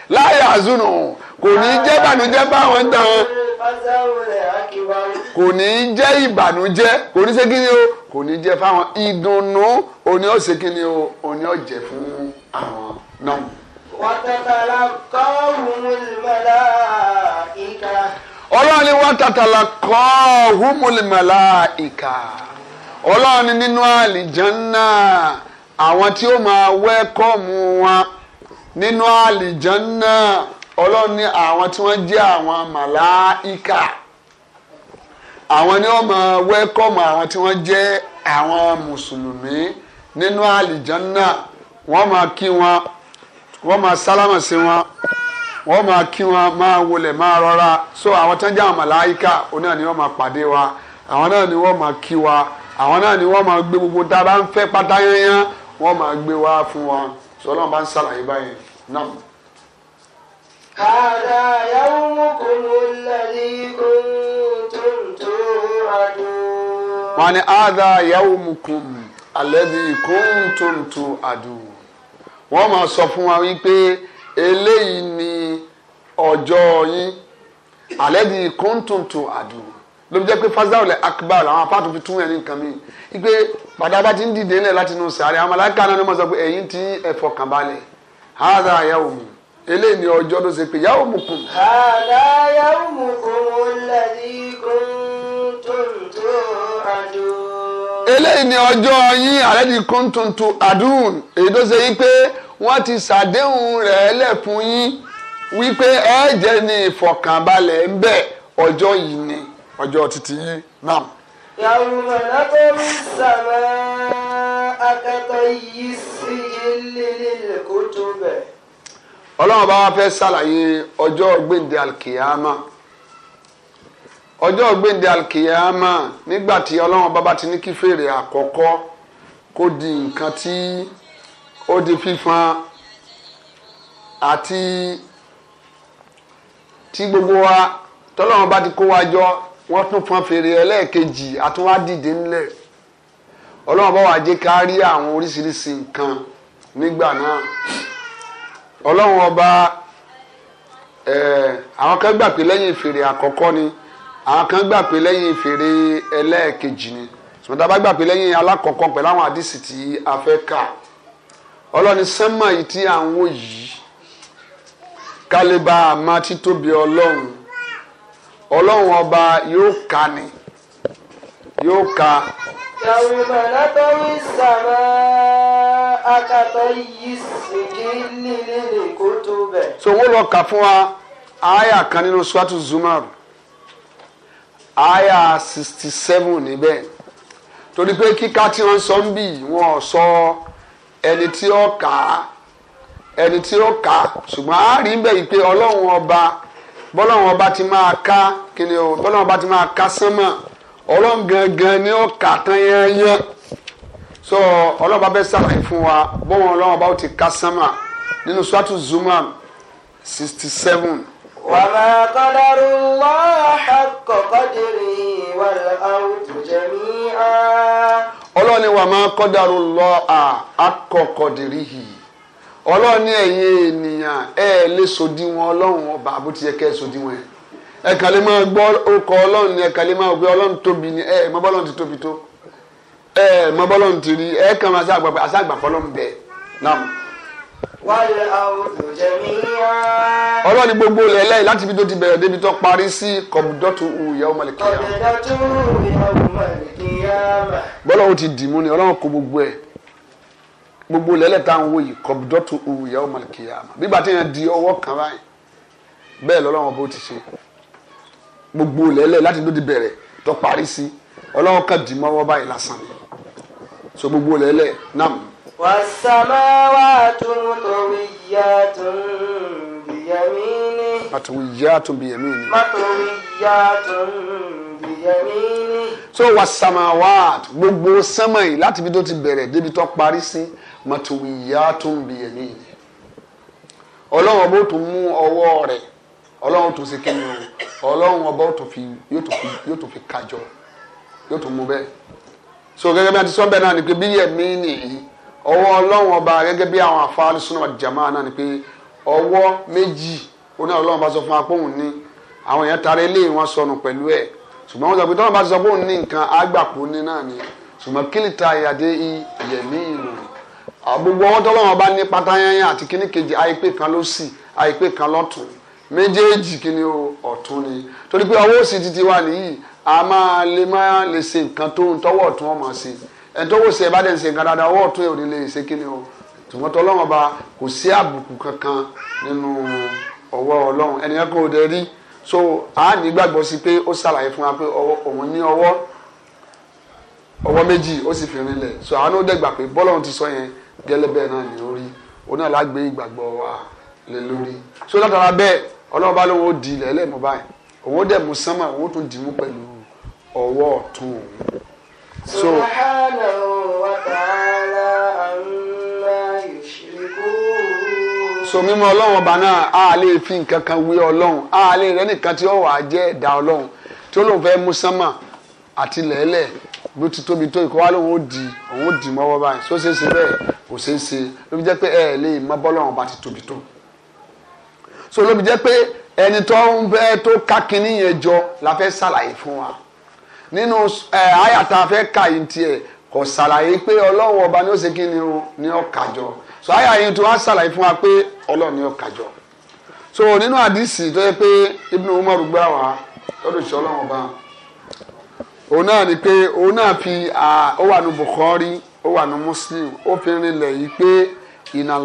láyà (laughs) azunu kò ní jẹ́ ìbànújẹ́ báwọn ń tàn án kò ní jẹ́ ìbànújẹ́ kò ní ṣe kíni o kò ní jẹ́ fáwọn ìdùnnú òní ó ṣe kíni o òní ó jẹ́ fún àwọn náà. wàtàtàlà kọ́ọ̀hùn mẹ́lá ìka. ọlọ́run ni wàtàtàlà kọ́ọ̀hùn mẹ́lá ìka ọlọ́run nínú àlìjánná àwọn tí ó máa wẹ́kọ̀mù wọn nínú àlìjánná. ọlọ́run ní àwọn tí wọ́n jẹ́ àwọn màláìka àwọn ni wọ́n máa wẹ́kọ̀mù àwọn tí wọ́n jẹ́ àwọn mùsùlùmí nínú àlìjánná wọ́n máa kí wọn wọ́n máa sálámà sí wọn wọ́n máa kí wọn máa wọlé máa rọra so àwọn tí wọ́n jẹ́ àwọn màláìka òun náà ni wọ́n máa pàdé wa àwọn náà ni wọ́n máa kí wa àwọn náà ni wọ́n máa gbé gbogbo tá a bá ń fẹ́ pátá yányán wọ́n máa gbé wa fún wọn sọlọ́n bá ń sàlàyé báyìí náà. هذا يومكم الذي كنتم توعدون wọ́n ní wọ́n máa sọ fún wa wípé eléyìí ni ọjọ́ yín alẹ́bí kóńtòǹtò àdùn ló jẹ́ pé fásitì akbar àwọn apá tó fi tún ẹni nǹkan mi ipe padà bá ti ń dìde ńlẹ̀ láti inú sàárẹ̀ àwọn aláìka náà ni wọ́n sọ pé eléyìí ni ọjọ́ ló ṣe pé yàwó mu kùn. àlá yàwó mu kùn lẹ́dí kùn tuntun àdùn. eléyìí ni ọjọ́ yín àlẹ́dí kùn tuntun àdùn èyí tó ṣe yín pé wọ́n ti ṣàdéhùn rẹ̀ lẹ́fun yín wípé ẹ jẹ́ ní ìfọ̀kànbalẹ̀ ń bẹ̀ ọjọ́ yìí ni ọjọ́ títí yín náà. yàwó mọ̀nà tó ń sàmà akẹ́kọ̀ọ́ yìí sí ilé lẹ́kọ̀ọ́ tó bẹ̀ ọlọ́run bá wá fẹ́ ṣàlàyé ọjọ́ gbèǹde alkiyama ọjọ́ gbèǹde alkiyama nígbà tí ọlọ́run bá bá ti ní kí fèrè àkọ́kọ́ kó di nǹkan tí ó di fífan àti tí gbogbo wa tọ́lọ́run bá ti kó wa jọ wọ́n tún fọn fèrè ẹlẹ́ẹ̀kejì àtúnwá dìde ńlẹ̀ ọlọ́run bá wá jẹ́ ká rí àwọn oríṣiríṣi nǹkan nígbà náà ọlọ́run ọba àwọn kan gbà pé lẹ́yìn fèrè àkọ́kọ́ ni àwọn kan gbà pé lẹ́yìn fèrè ẹlẹ́ẹ̀kejì ni sọ̀tà bá gbà pé lẹ́yìn alákọ̀ọ́kọ́ pẹ̀lú àwọn àdìsí tí a fẹ́ kà ọlọ́ni sẹ́mà yìí tí à ń wò yìí kálíbà àmà títóbi ọlọ́run ọlọ́run ọba yóò ka ni yóò ka يوم نطوي السماء كطي السجل للكتب so wọ́n lọ kà fún wa aya kan nínú suwatu sixty seven níbẹ̀ torí pé kíkà tí wọ́n sọ ń bì wọ́n sọ ẹni tí ó kà á ẹni tí ó kà á ṣùgbọ́n a rí bẹ́ẹ̀ pé ọlọ́run ọba bọ́lọ́run ọba ti máa ká kí ni o bọ́lọ́run ọba ti máa ká sánmọ̀ ọlọ́run gangan ni ó kà tán yẹ́nyẹ́ so ọlọ́run bá bẹ́ sàlàyé fún wa bọ́wọ́n ọlọ́run bá ti ká sánmà nínú swatu Zumar sixty seven. وما قدر الله حق قدره والأرض جميعا ọlọ́ni wà máa kọ́dàrú lọ à akọ̀kọ̀dìrí hì ọlọ́ni ẹ̀yin ènìyàn ẹ̀ lè sòdiwọ̀n ọlọ́run ọba àbútí yẹ kẹ́ sòdiwọ̀n ẹ̀ ẹ̀ka lè máa gbọ́ ọkọ̀ ọlọ́run ni ẹ̀ka máa gbé ọlọ́run tóbi ni ẹ̀ mọ bọ́lọ́run ti tóbi tó ẹ̀ mọ bọ́lọ́run ti rí ẹ̀ kàn máa ṣàgbàpẹ́ àṣàgbàpọ̀ ọlọ́run bẹ̀ náà. wáyé àwọn òjò mi yá. ọlọ́run ni gbogbo ilẹ̀ ẹlẹ́yìn láti ibi tó ti bẹ̀rẹ̀ débi tó parí sí kọ̀bùdọ́tù ìyàwó mọ̀lẹ́kìyà. bọ́lọ́run ti dì mú ni ọlọ́run kó ti ṣe gbogbo lẹ́lẹ̀ láti ló di bẹ̀rẹ̀ tó parí sí ọlọ́run kan dì mọ́ wọ́n báyìí lásán so gbogbo lẹ́lẹ̀ náà. wàsàmáwàtú mọ̀tòwìyàtún bìyàmínì. mọ̀tòwìyàtún bìyàmínì. mọ̀tòwìyàtún bìyàmínì. so wàsàmáwàtú gbogbo sánmà yìí láti ibi tó ti bẹ̀rẹ̀ débi tó parí sí mọ̀tòwìyàtún bìyàmínì. ọlọ́run bó tún mú ọwọ́ rẹ̀ ọlọ́run tó ṣe kíni o ọlọ́run ọba yóò tó fi kájọ yóò tó mú bẹ́ẹ̀ so gẹ́gẹ́ bí a ti sọ bẹ́ẹ̀ náà ni pé bí ẹ̀mí nìyí ọwọ́ ọlọ́run ọba gẹ́gẹ́ bí àwọn afáàlì súnmọ́ jama náà ni pé ọwọ́ méjì ó náà ọlọ́run bá sọ fún apóhùn ní àwọn èèyàn tara eléyìí wọn sọnù pẹ̀lú ẹ̀ ṣùgbọ́n wọn sọ pé tọ́wọ́n sọ fóun ní nǹkan àgbàpọ̀ ní náà ni ṣùgbọ́n kílìtà ìyàdé ìyẹ̀mí ìlú gbogbo ọwọ́ tọ́lọ́run ọba ní pátáyányán àti kíníkejì àìpé kan ló sì àìpé kan lọ́tún méjèèjì kí ni o ọ̀tún ni torí pé ọwọ́ òsì títí wà nìyí a máa lè máa lè ṣe nǹkan tó ń tọwọ́ ọ̀tún ọmọ sí ẹni tọwọ́ òsì ẹ̀ bá dẹ̀ ń ṣe nǹkan dáadáa ọwọ́ ọ̀tún ò ní lè ṣe kí ni o tùmọ̀ tọ́ ọlọ́run ọba kò sí àbùkù kankan nínú ọwọ́ ọlọ́run ẹnìyàn kò dẹ̀ rí so a nígbàgbọ́ sí pé ó ṣàlàyé fún wa pé òun ní ọwọ́ ọwọ́ méjì ó sì fi rinlẹ̀ so àwọn ló dẹ̀ gbà pé bọ́lọ́run ti sọ yẹn gẹ́lẹ́ náà ní orí òun ìgbàgbọ́ wa lé lórí so látara bẹ́ẹ̀ ọlọ́run bá lóun di ilẹ̀ ẹlẹ́mọ̀ báyìí òun ó dẹ̀ mú sánmà òun ó tún dìímú pẹ̀lú ọwọ́ ọ̀tún òun. so so mímọ́ ọlọ́run ọba náà a lè fi nǹkan kan wé ọlọ́run a lè rẹ́ nìkan tí ó wà á jẹ́ ẹ̀dá ọlọ́run tí ó lóun fẹ́ mú sánmà àti lẹ́lẹ̀ ló ti tóbi tó ìkọ́wá lóun ó di òun ó di mọ́wọ́ báyìí so ṣe é ṣe bẹ́ẹ̀ kò ṣe é ṣe ló fi jẹ́ pé ẹ lè mọ bọ́lọ́run ọba ti tóbi tó so ló fi jẹ́ pé ẹni tó ń fẹ́ tó ká kinní yẹn jọ la fẹ́ ṣàlàyé fún wa nínú àyà tá a fẹ́ kà yìí tiẹ̀ kò ṣàlàyé pé ọlọ́run ọba ni ó ṣe kí ni o ni ó kàjọ so àyà yìí tó wá ṣàlàyé fún wa pé ọlọ́run ni ó kàjọ so nínú àdìsí tó yẹ pé Ibn Umar gbà wá lọ́dọ̀ ìṣọ́ ọlọ́run ọba òun náà ni pé òun náà fi ó wà ní Bukhari ó wà ní Muslim ó fi rinlẹ̀ yìí pé inna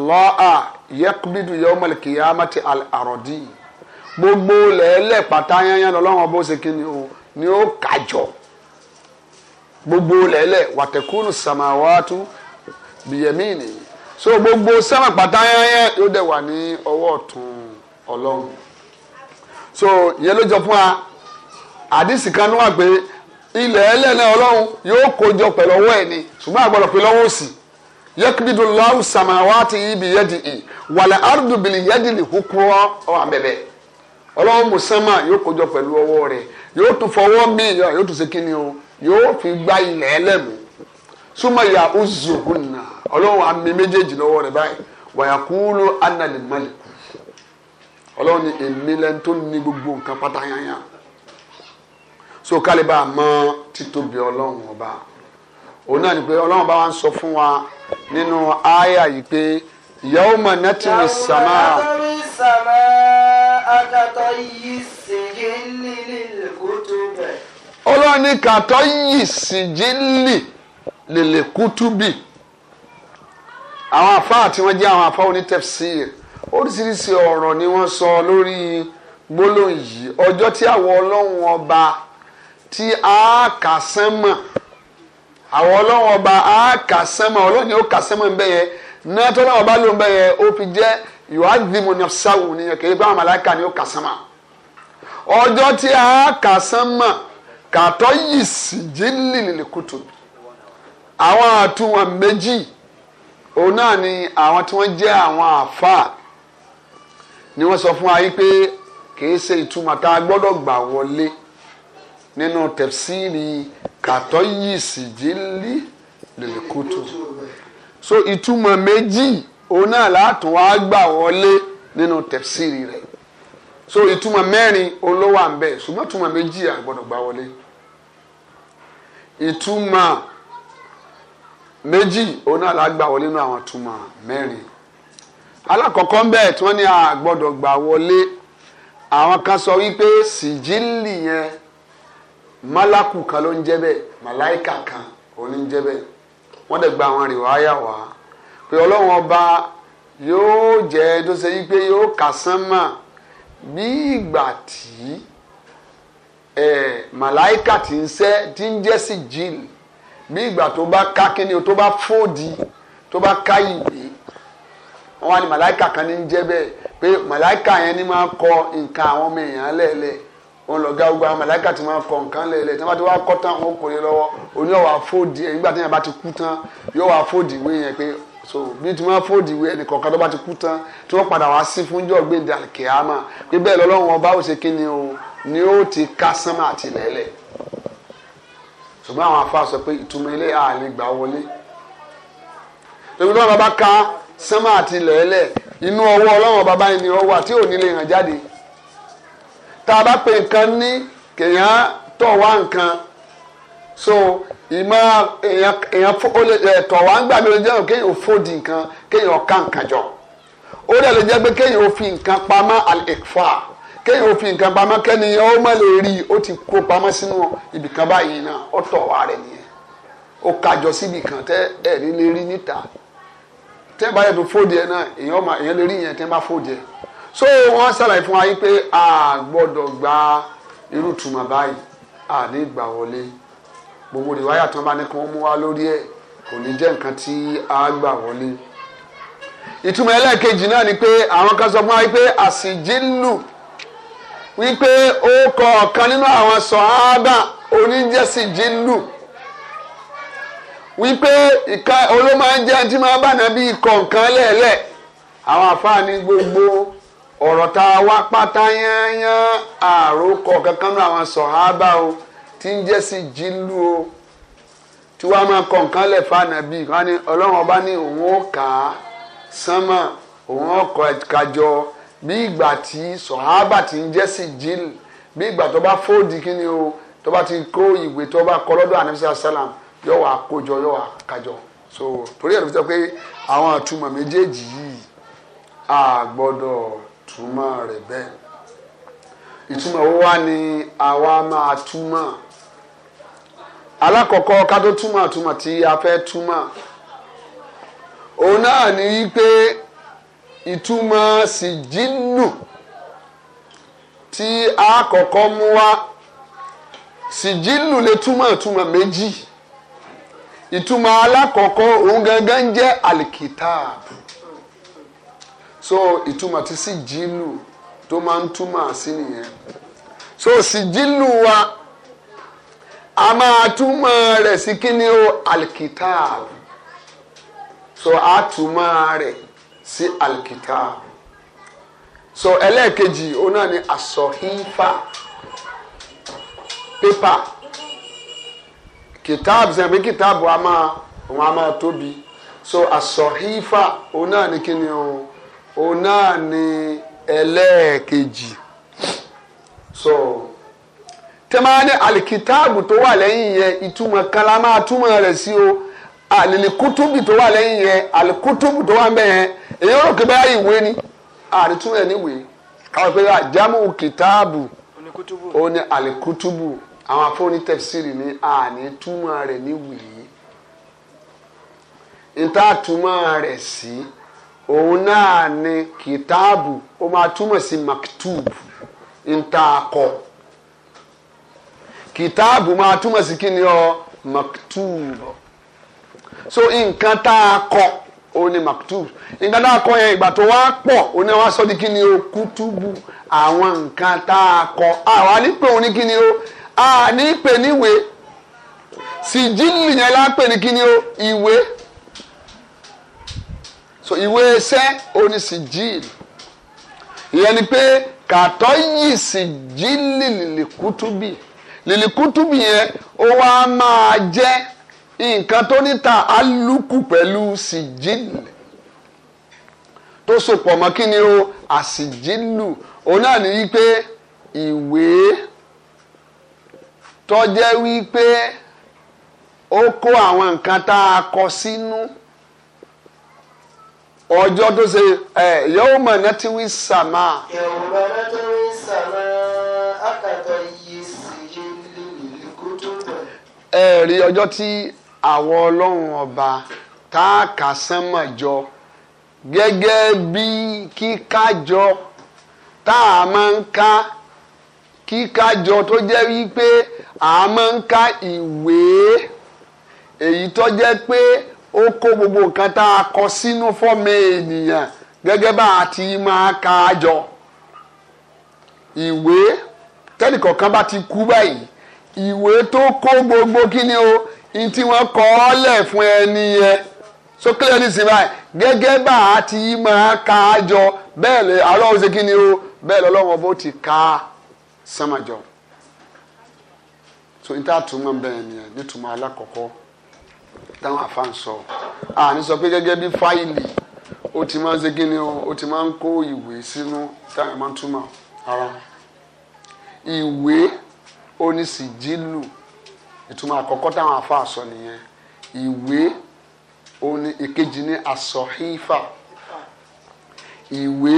yaqbidu yawmal qiyamati al-ardi gbogbo lẹ́lẹ̀ pátá yányán lọ́wọ́ bó ṣe kí ni o ni ó kájọ gbogbo lẹ́lẹ̀ wàtẹ̀kùnù samawatu bìyẹ̀mínì so gbogbo sẹ́wọ̀n pátá yányán yóò dẹ̀ wà ní ọwọ́ ọ̀tún ọlọ́run so yẹn ló jọ fún wa àdìsí kan ní wà pé ilẹ̀ ẹlẹ́ náà ọlọ́run yóò kó jọ pẹ̀lú ọwọ́ ẹ̀ ni ṣùgbọ́n àgbọ̀dọ̀ pé lọ́wọ́ òsì yakubidu lawu samawati yi bi ardu i wàlẹ arudu bili yadi li hukurọ ọwọ abẹbẹ ọlọ́wọ́ musama yóò kójọ pẹ̀lú ọwọ́ rẹ̀ yóò tún fọwọ́ míì yóò tún ṣe kíni o yóò fi gba ilẹ̀ ẹlẹ́mu súnmọ́ ya uzuhunna ọlọ́wọ́ àmì méjèèjì lọ́wọ́ rẹ̀ báyìí wàyàkúlù anali maliku ọlọ́wọ́ ni èmi lẹ́nu ní gbogbo nǹkan pátá yányá so kálíbà mọ́ títóbi ọlọ́run ọba òun náà ni pé ọlọ́run bá wa ń sọ fún wa nínú àyà yìí pé ìyàwó mọ̀ nẹ́tì ní sàmà. ọlọ́run ní kàtọ́ yìí sì jílì lèlè kútúbì àwọn àfáà tí wọ́n jẹ́ àwọn àfáà onítẹ̀fsír oríṣiríṣi ọ̀rọ̀ ni wọ́n sọ lórí gbólóhùn yìí ọjọ́ tí àwọn ọlọ́run ọba tí a kà sánmọ̀ àwọn ọlọ́wọ́n ọba á kà sẹ́mọ̀ ọlọ́ni ó kà sẹ́mọ̀ ń bẹ́ yẹn náà tó lọ́wọ́ bá ló ń bẹ́ yẹn ó fi jẹ́ yòá dìmọ̀ ní ọ̀sáwù nìyẹn kì í bá màláìka ni ó kà sẹ́mọ̀ ọjọ́ tí a kà sẹ́mọ̀ kàtọ́ yìí sì jí lílìlì kùtù àwọn àtúwọ̀n méjì òun náà ni àwọn tí wọ́n jẹ́ àwọn àfáà ni wọ́n sọ fún wa yìí pé kì í ṣe ìtumọ̀ tá a gbọ́dọ̀ gbà wọlé nínú tẹ̀síìrì kàtọ́ yìí sì jí lí lèlèkútù so ìtumọ̀ méjì òun náà látún wá gbà wọlé nínú tẹ̀síìrì so ìtumọ̀ mẹ́rin olówó à ń bẹ̀ ṣùgbọ́n ìtumọ̀ méjì à gbọ́dọ̀ gbà wọlé ìtumọ̀ méjì òun náà lágbà wọlé nínú àwọn ìtumọ̀ mẹ́rin alákọ̀ọ́kọ́ ń bẹ̀ tí wọ́n ní à gbọ́dọ̀ gbà wọlé àwọn kan sọ wípé sìjìlì yẹn malaku kan ló ń jẹ́ bẹ́ẹ̀ malaika kan òun ń jẹ́ bẹ́ẹ̀ wọ́n dẹ̀ gba àwọn rìwáyà wá pé ọlọ́run ọba yóò jẹ́ tó ṣe yí pé yóò kà mà bí ìgbà tí malaika ti ń sẹ́ ti ń jẹ́ sí jìl bí ìgbà tó bá ká kíni tó bá fòdì tó bá ká ìwé wọ́n wá ní malaika kan ní ń jẹ́ bẹ́ẹ̀ pé malaika yẹn ni máa kọ nǹkan àwọn ọmọ èèyàn lẹ́ẹ̀lẹ́ẹ̀ òun lọ̀gá gbogbo àwọn màláìka tí wọ́n kọ nǹkan lẹ́lẹ̀ tí wọ́n bá ti wá kọ́ tán wọn kò lè lọ́wọ́ òní ọ̀wà fóòdì ẹ̀ nígbà tí yẹn bá ti kú tán yóò wá fóòdì ìwé yẹn pé so bí tí wọ́n fóòdì ìwé ẹnì kọ̀ọ̀kan tó bá ti kú tán tí wọ́n padà wá sí fúnjọ́ gbèdé àkèámà pé bẹ́ẹ̀ lọ́lọ́run ọba ò ṣe kí ni o ni ó ti ká sánmà àti lẹ́lẹ̀ ṣùgbọ́n àwọn afa sọ pé ìtumọ̀ ilé àlè gbà wọlé lóbi lọ́wọ́ bàbá ká sánmà àti lẹ́lẹ̀ inú ọwọ́ ọlọ́run bàbá yìí ni ọwọ́ àti òní lè hàn jáde t'aba pe nkan ní kéèyàn tọwa nkan so ìmọ̀ èèyàn èèyàn tọ̀ wá ń gbà mí lè jẹ́ kéèyàn fòdì nǹkan kéèyàn ká jọ ó dẹ̀ lè jẹ́ pé kéèyàn fi nǹkan pamọ́ àlèkfà kéèyàn fi nkan pamọ́ kẹ́niyàn ó má lè rí i ó ti kó pamọ́ sínú ibìkan báyìí náà ó rẹ̀ nìyẹn ó kájọ síbi kan tẹ́ ẹ̀ níta tẹ́ bá yẹ so wọ́n ṣàlàyé fún wa yìí pé a gbọ́dọ̀ gba irú tùmọ̀ báyìí a ní gbà wọlé gbogbo ìwáyà tán bá ní kí wọ́n mú wa lórí ẹ kò ní jẹ́ nǹkan tí a gbà wọlé ìtumọ̀ ẹlẹ́ẹ̀kejì náà ni pé àwọn kan sọ fún wa pé àsìjìlù wípé ó kọ ọ̀kan nínú àwọn sọ̀hábà oníjẹ́sìjìlù wípé ìka olómọ jẹ́ tí máa bá nàbí ikọ̀ nǹkan lẹ́ẹ̀lẹ́ àwọn àfáà ní gbogbo ọ̀rọ̀ tá a wá pátá yányán àròkọ kankan náà àwọn sọ̀hábà o tí ń jẹ́ sí jílù o tí wàá máa kọ nǹkan lẹ̀ fànàbí wọn ni ọlọ́run ọba ní òun ó kà á sánmà òun ó bí ìgbà tí sọ̀hábà ti ń jẹ́ sí jílù bí ìgbà tó bá fóòdì kí ni o tó bá ti kó ìwé tó bá kọ lọ́dọ̀ ànàbísà sálàm yóò wá kójọ yóò wá kájọ so torí ẹ̀ ló a tuma rebe, bẹ́ẹ̀ ìtumọ̀ wo wá ni àwa máa tuma alákọ̀ọ́kọ́ ká tó túmọ̀ túmọ̀ tí a fẹ́ tuma, òun náà ní wípé ìtumọ̀ sìjínù tí a kọ́kọ́ mú wá sìjínù lè tuma túmọ̀ méjì ìtumọ̀ alákọ̀ọ́kọ́ òun gangan jẹ́ alikitaabu so ìtumọ̀ ti sí jílù tó máa ń túmọ̀ sí nìyẹn so sí jílù wa a máa túmọ̀ rẹ̀ sí kíni o alikitab so a túmọ̀ rẹ̀ sí alkitab so ẹlẹ́ẹ̀kejì òun náà ni asọ̀hífà pépà kitab sẹ́yìn pé kìtáàbù a máa òun a máa tóbi so asọ̀hífà òun náà ni kíni o. òun náà ni ẹlẹ́ẹ̀kejì so tẹ́mọ̀ ní alikitaabu tó wà lẹ́yìn yẹn ìtumọ̀ kalama túmọ̀ o alilikutubi tó wà lẹ́yìn yẹn alikutubu tó wà ń èyí ó rò pé ni àrítún ẹ̀ níwèé káwọn pé àjámù kitaabu ó alikutubu àwọn afọ́ni tẹ̀síìrì ní àní túmọ̀ rẹ̀ níwèé ìta túmọ̀ òun náà ni kìtáàbù ó máa túmọ̀ sí maktubu ntaakọ kìtáàbù máa túmọ̀ sí kíni ọ maktubu so nǹkan tá a ni maktubu nǹkan tá a kọ yẹn ìgbà tó wá pọ̀ òun ni di kíni o kútúbù àwọn nǹkan tá a kọ àwa ní pé a pè níwèé sìjìlì yẹn lápè ní kíni o so iwe iṣẹ́ oníṣì jíìlì ìyẹn ni pé kàtọ́ yìí sì jíìlì lìlìkútùbì lìlìkútùbì yẹn ó wá máa jẹ́ nǹkan tó níta alùkù pẹ̀lú sì jíìlì tó sopọ̀ mọ́ kí ni o àsìjìlù òun náà ni wípé ìwé tó jẹ́ wípé ó kó àwọn nǹkan tá a kọ sínú. Si ọjọ́ tó ṣe ẹ yóò mọ̀ náà ti wí sàmà. yóò mọ̀ náà ti wí sàmà àkàtà iye ṣèyí lèmi kó tó bẹ̀. ẹ rí ọjọ́ tí àwọn ọlọ́run ọba tá a kà sánmọ̀ jọ gẹ́gẹ́ bí kíkájọ tá a máa ń ká kíkájọ tó jẹ́ wípé a máa ń ká ìwé èyí tó jẹ́ pé. ó kó gbogbo nǹkan tá a kọ sínú ènìyàn gẹ́gẹ́ bá a ti ìwé bá ti kú báyìí ìwé tó kó gbogbo kí o ní tí wọ́n kọ ọ́ fún ẹni yẹn sókèlè ní sinmi báyìí gẹ́gẹ́ bá a ti máa ka jọ bẹ́ẹ̀ lè o bẹ́ẹ̀ bó ti ka so ní tá a tún mọ̀ bẹ́ẹ̀ nítumọ̀ táwọn àfa ń sọ àní sọ pé gẹ́gẹ́ bí fáìlì ó ti máa ń ṣe kíni o ó ti máa ń kó ìwé sínú táwọn máa ń túmọ̀ ara ìwé onísìjìlù ìtumọ̀ àkọ́kọ́ táwọn àfa sọ nìyẹn ìwé oní ìkejì ní asọ̀hífà ìwé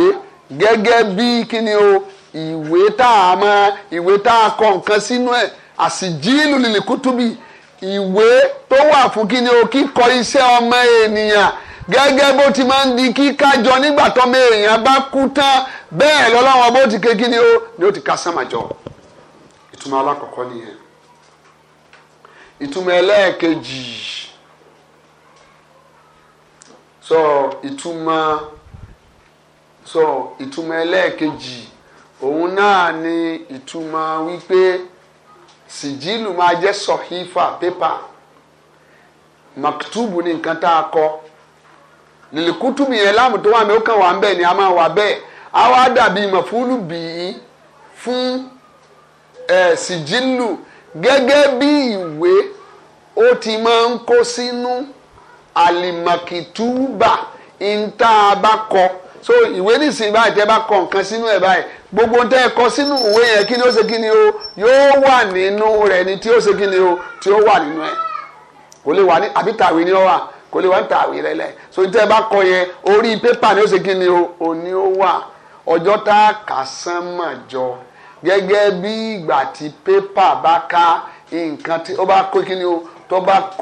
gẹ́gẹ́ bí kíni o ìwé tá a máa ìwé tá a kọ nǹkan sínú ẹ̀ àsìjìlù lìlìkútùbì ìwé tó wà fún kí ni o kíkọ iṣẹ́ ọmọ ènìyàn gẹ́gẹ́ bó ti máa ń di kíkájọ nígbà tọ́mọ èèyàn bá kú tán bẹ́ẹ̀ lọ́lọ́wọ́ bó ti ké kí ni o ni ó ti ka sàmàjọ ìtumọ̀ alákọ̀ọ́kọ́ nìyẹn ìtumọ̀ ẹlẹ́ẹ̀kejì sọ ìtumọ̀ sọ ìtumọ̀ ẹlẹ́ẹ̀kejì òun náà ni ìtumọ̀ wípé. So, sìjìlù máa jẹ́ sọ̀hífà pépà maktubu ní nǹkan tá a kọ lìlìkútùbù yẹn láàmù tó wà mí ó kàn wà ń bẹ̀ ni a máa wà bẹ́ẹ̀ a wá dàbí mọ̀fúlù bìí fún ẹ̀ sìjìlù gẹ́gẹ́ bí ìwé ó ti máa ń kó sínú alimakituba ìntàbákọ so ìwé nísìnyí báyìí tẹ́ bá kọ nǹkan sínú ẹ̀ báyìí gbogbo tẹ́ ẹ kọ sínú ìwé yẹn kí ni ó ṣe kí ni o yóò wà nínú rẹ̀ ni tí ó ṣe kí ni o tí ó wà nínú ẹ̀ kò lè wà ní àbí tàwé ni ó wà kò lè wà ní tàwé rẹ̀ lẹ̀ so tẹ́ ẹ bá kọ yẹn orí pépà ni ó ṣe kí ni o òní ó wà ọjọ́ tá a kà sán mà jọ gẹ́gẹ́ bí ìgbà tí pépà bá ká nǹkan tí ó bá kó kí ni o tó bá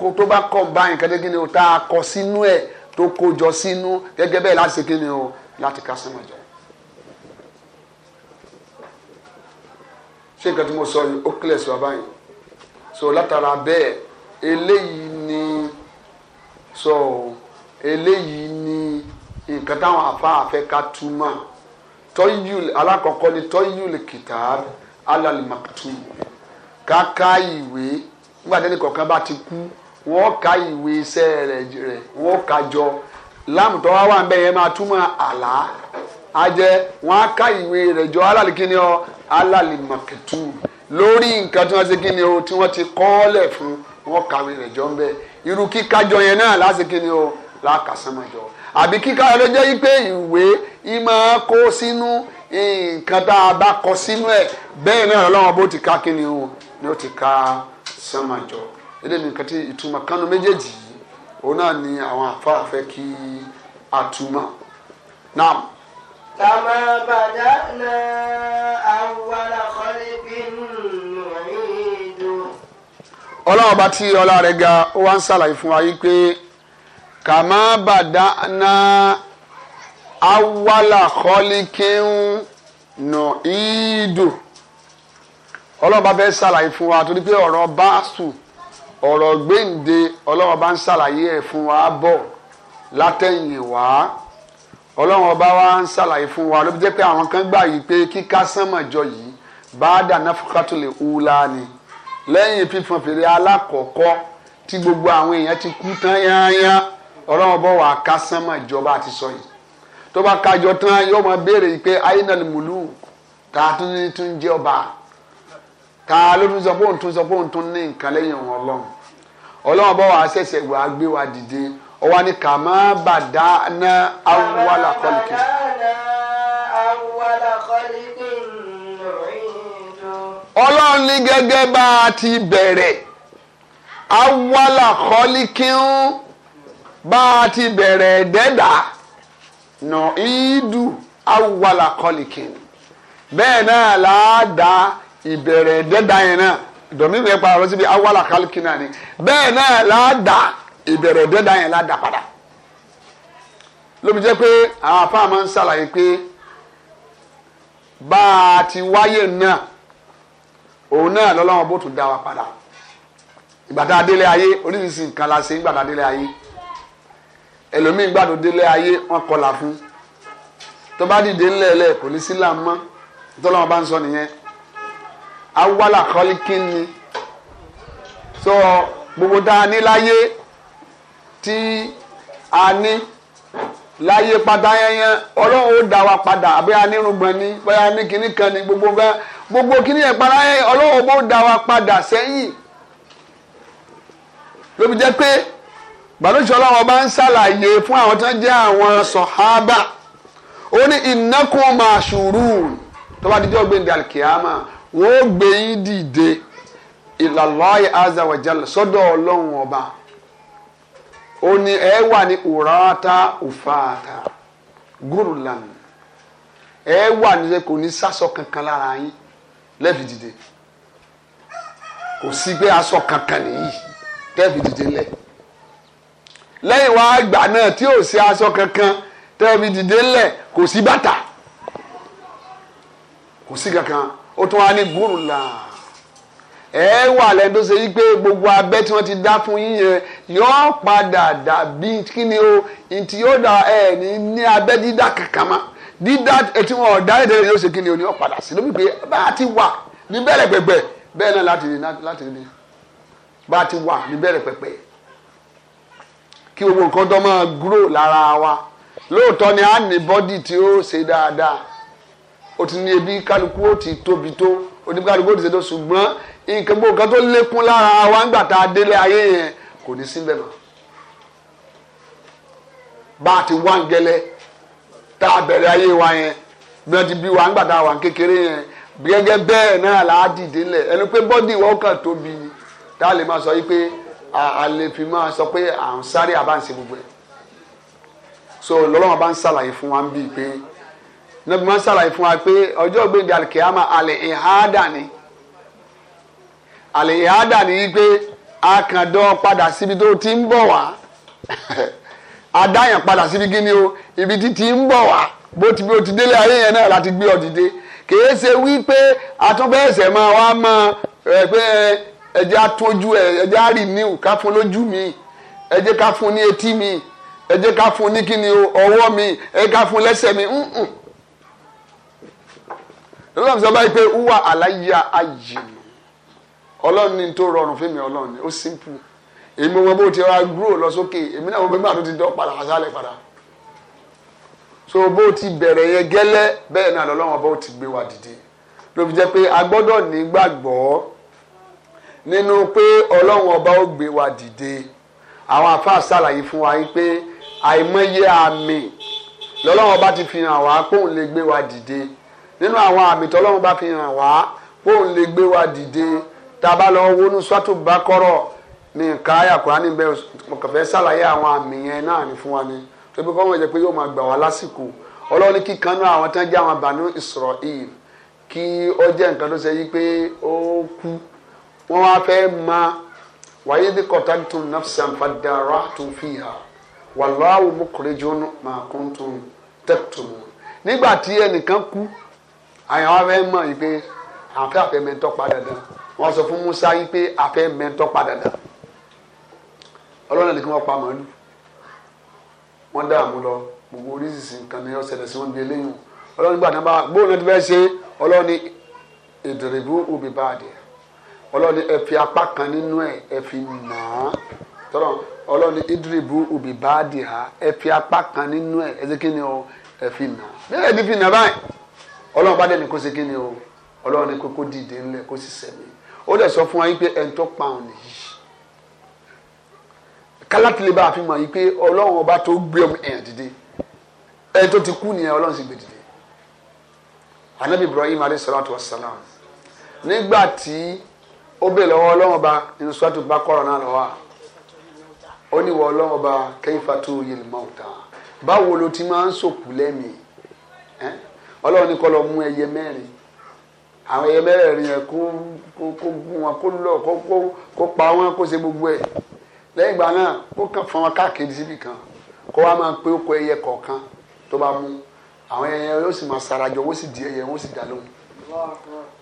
kọ̀ bá nǹkan tí kí ni o tá a kọ sínú ẹ̀ tó kó jọ sínú gẹ́gẹ́ bẹ́ẹ̀ láti ṣe kí ni o láti kásímọ̀ jọ. ṣé nǹkan tí mo sọ yìí ó kílẹ̀ sí wa báyìí so látara bẹ́ẹ̀ eléyìí ni so eléyìí ni nǹkan táwọn àfáà fẹ́ ká túmọ̀ tọ́yúl alákọ̀ọ́kọ́ ni tọ́yúl kìtàb alalimakutu ká ká ìwé nígbà tẹ́lẹ̀ kọ̀ọ̀kan bá ti kú wọ́n ká ìwé iṣẹ́ rẹ̀ wọ́n ká láàmù tó wá wà ń bẹ yẹn máa túmọ̀ àlá a jẹ wọn á ká ìwé rẹ̀ jọ alàlì kíni ọ alàlì mọ̀kẹ́tù lórí nǹkan tí wọ́n ṣe kíni o tí wọ́n ti kọ́ọ́lẹ̀ fún wọn kàwé rẹ̀ jọ ń bẹ irú kíkájọ yẹn náà láti kíni o lákàsánmọ́jọ àbí kíkájọ ló jẹ́ wípé ìwé ìmọ̀ kó sínú nǹkan tá a bá kọ sínú ẹ̀ bẹ́ẹ̀ náà ọlọ́wọ́n bó ti ká kíni o ni ó ti ká sánmọ́jọ eléyìí nǹkan tí ìtumọ̀ kánú méjèèjì yìí òun náà ni àwọn àfáà fẹ́ kí a túmọ̀ náà. bàdá na àwàlà kọ́lẹ́bí nùhìndù. ọlọ́run bá tí ọlá rẹ̀ ga ó wá ń ṣàlàyé fún wa yí pé kàmá bàdá na awala kọ́lẹ́bí nùhìndù ọlọ́run bá fẹ́ ṣàlàyé fún wa torí pé ọ̀rọ̀ báàsù. ọ̀rọ̀ gbéǹde ọlọ́run bá ń ṣàlàyé ẹ̀ fún wa bọ̀ látẹ̀yìn wá ọlọ́run ń ṣàlàyé fún wa ló fi àwọn kan gbà yìí pé sánmọ̀jọ yìí ni lẹ́yìn fífọn fèrè alákọ̀ọ́kọ́ tí gbogbo àwọn èèyàn ti kú tán yányá bá ti sọ yìí tó bá kájọ tán yóò béèrè yìí pé ayé náà ọba ta ló tún sọ pé òun tún sọ pé òun tún ní nǹkan lẹ́yìn òun ọlọ́run ọlọ́run bọ́ wàá ṣẹ̀ṣẹ̀ wàá gbé wa dìde ọwọ́ ni kà má bàdá ná awọ́là kọ́lìkì. ọlọ́run ní gẹ́gẹ́ bá a ti bẹ̀rẹ̀ awọ́là kọ́lìkì ń bá a ti bẹ̀rẹ̀ dẹ́dà nà ídù awọ́là kọ́lìkì bẹ́ẹ̀ náà là dá ìbẹ̀rẹ̀ ẹ̀dẹ́dá yẹn náà dọ̀mí mi pa àrọ́ síbi awala kálíkì náà ni bẹ́ẹ̀ náà láàdá ìbẹ̀rẹ̀ ẹ̀dẹ́dá yẹn láàdá padà lóbi jẹ́ pé àwọn afá máa ń ṣàlàyé pé bá a ti wáyé náà òun náà lọ́lọ́wọ́ bó tún dá wa padà ìgbàdá délé ayé oríṣiríṣi nǹkan la ṣe ìgbàdá délé ayé ẹlòmíì gbàdó délé ayé wọn kọlà fún tó bá dìde ńlẹ̀ẹ́lẹ̀ kò ní sílà mọ́ tó bá ń sọ nìyẹn awala kọ́líkín ni so gbogbo tá a ní láyé tí a ní láyé padà yẹn ọlọ́run ó dá wa padà àbí a nírùngbọ̀n ni bóyá ní kinní kan ni gbogbo bẹ́ẹ̀ gbogbo kinní yẹn padà yẹn ọlọ́run ó dá wa padà sẹ́yìn ló fi jẹ́ pé gbàdúrà ọlọ́run bá ń ṣàlàyé fún àwọn tó ń jẹ́ àwọn sọ̀hábà ó ní ìnákùn màṣúrù tó bá dijọ́ gbẹ̀ndẹ̀ àlìkìyàmà wọ́n gbé yín dìde ìlàlọ́yè azawajal sọ́dọ̀ ọlọ́run ọba ó ní ẹ wà ní òràátá òfààtà gúrùlàn ẹ wà ní kò ní sásọ kankan lára yín lẹ́ẹ̀fi dìde kò sí pé asọ kankan nìyí lẹ́ẹ̀fi dìde lẹ̀ lẹ́yìn wá gbà náà tí ò sí asọ kankan lẹ́ẹ̀fi dìde lẹ̀ kò sí bàtà kò sí kankan. ó tún wá ní gúrùlà ẹ wà lẹ́nu tó ṣe yí pé gbogbo abẹ́ tí wọ́n ti dá fún yín yẹn yóò padà dàbí kí ni o ntí yóò dà ẹ ní ní abẹ́ dídá kankan ma dídá etí wọn ọ̀dá èdè rẹ̀ yóò ṣe kí ni o ní ọ̀padà sí lóbi pé bá a ti wà ní bẹ̀rẹ̀ pẹ̀pẹ̀ bẹ́ẹ̀ náà láti rí láti rí bá a ti wà ní bẹ̀rẹ̀ pẹ̀pẹ̀ kí gbogbo nǹkan tó máa gúrò lára wa lóòótọ́ ni a ní bọ́dì tí ó ṣe dáadáa ó ti ní ebi kálukú ó ti tóbi tó oníkálukú ó ti ṣètò ṣùgbọ́n nǹkan gbogbo nǹkan tó lékún lára wa ńgbà tá a délé ayé yẹn kò ní síbẹ̀ mọ́ bá a ti wá ń gẹlẹ́ tá a bẹ̀rẹ̀ ayé wa yẹn bí wọ́n ti bí wa ńgbà tá a wà ń kékeré yẹn gẹ́gẹ́ bẹ́ẹ̀ náà là á dìde lẹ̀ ẹni pé bọ́dì wọn kàn tóbi ni tá a lè máa sọ yí pé a lè fi máa sọ pé à ń sáré àbá ń ṣe gbogbo ẹ̀ so lọ́lọ́wọ́n bá ń ṣàlàyé fún wa ń bíi pé nàbí wọn ṣàlàyé fún wa pé ọjọ́ gbèndé alikiyama àlè ìhádà ni àlè ìhádà ni wípé akàndọ́ padà síbi tó ti ń bọ̀ wá adáyàn padà síbi gíní o ibi tí ti ń bọ̀ wá bó ti bí o ti délé ayé yẹn náà láti gbé ọ dìde kìí ṣe wípé atúnbẹ̀ẹ̀sẹ̀ máa wá máa ẹ pé ẹjẹ́ atójú ẹ ẹjẹ́ àrìníw ká fún lójú mi ẹjẹ́ ká fún ní etí mi ẹjẹ́ ká fún ní kíni ọwọ́ mi ẹjẹ́ ká fún lẹ́sẹ̀ mi lọ́lọ́run sọ báyìí pé wúwà àlàyé ayé ọlọ́run ni tó rọrùn fún mi ọlọ́run ni ó simple èmi wọn bó ti ra gúrò lọ sókè èmi náà wọn gbẹgbẹ àtúntì dán padà wàsálẹ̀ padà so bó ti bẹ̀rẹ̀ yẹn gẹ́lẹ́ bẹ́ẹ̀ náà lọ́lọ́run bó ti gbé wa dìde ló fi jẹ́ pé a gbọ́dọ̀ nígbàgbọ́ nínú pé ọlọ́run ọba ó gbé wa dìde àwọn àfáà ṣàlàyé fún wa pé àìmọye àmì lọ́lọ́run ọba ti fi hàn wá pé òun lè gbé wa dìde nínú àwọn àmì tọ́lọ́run bá fi hàn wá bóun lè gbé wa dìde tá a bá lọ wọnú sọ́tò bá kọ́rọ̀ ní nǹkan ayà kúránì bẹ́ẹ̀ kọ̀fẹ́ ṣàlàyé àwọn àmì yẹn náà ní fún wa ni tó bí kọ́mọ̀ jẹ́ pé yóò máa gbà wá lásìkò ọlọ́run ní kíkan náà àwọn tán jẹ́ àwọn Banu Israel kí ó jẹ́ nǹkan tó ṣe yí pé ó kú wọ́n wá fẹ́ ma wàyé bí kọ̀tàtún nafsan fadara tún fi hà wàlúwàwù mú kùrẹ́jọ́nù màkúntún tẹ̀tùmù nígbà tí ẹnìkan kú àyàn wa fẹ́ mọ̀ yìí pé àwọn àfẹ́ mẹ́ńtọ́ pa dandan wọ́n sọ fún Musa yìí pé àfẹ́ pa dandan ọlọ́run ni kí wọ́n pa màálù wọ́n dààmú lọ gbogbo oríṣiríṣi nǹkan ni ọ̀sẹ̀ lẹ́sìn wọn di eléyìí ọlọ́run nígbà náà bá gbóòórùn ti fẹ́ ṣe ọlọ́run ni ìdìrìbù òbí bá adìẹ ọlọ́run ni ẹ fi apá kan nínú ẹ ẹ fi nà ọlọ́run ni ìdìrìbù òbí bá adìẹ ẹ fi apá kan nínú ẹ ẹ kí ni ọ ẹ fi bẹ́ẹ̀ ni fi nà báyìí ọlọ́run bá dẹ̀ kó ṣe kí ni o ọlọ́run ní kókó dìde ńlẹ̀ kó sì sẹ̀mí ó dẹ̀ sọ fún wa yín pé ẹni tó pa òun nìyí kálátìlẹ̀ bá àfihàn yìí pé ọlọ́run ọba tó gbé ọmọ èèyàn dìde ẹni tó ti kú nìyẹn ọlọ́run sì gbé dìde anabi ibrahim alayhi salatu wa salam nígbà tí ó bè lọ́wọ́ ọlọ́run ọba nínú sọ́tù bá kọ́rọ̀ náà lọ́wọ́ ó ní wọ ọlọ́run ọba kayfa tuhyil mauta báwo ló ti máa ń sòkú lẹ́mìí ọlọ́run ní kó lọ mú ẹyẹ mẹ́rin àwọn ẹyẹ mẹ́rin yẹn kó kó gún wọn kó lọ kó kó kó pa wọn kó ṣe gbogbo ẹ̀ lẹ́yìn ìgbà náà kó fọn wọn káàkiri síbì kan kó wá máa pé ó kó ẹyẹ kọ̀ọ̀kan tó bá mú àwọn ẹyẹ yóò sì máa sarajọ wọ́n sì di ẹyẹ wọ́n sì dá lóhùn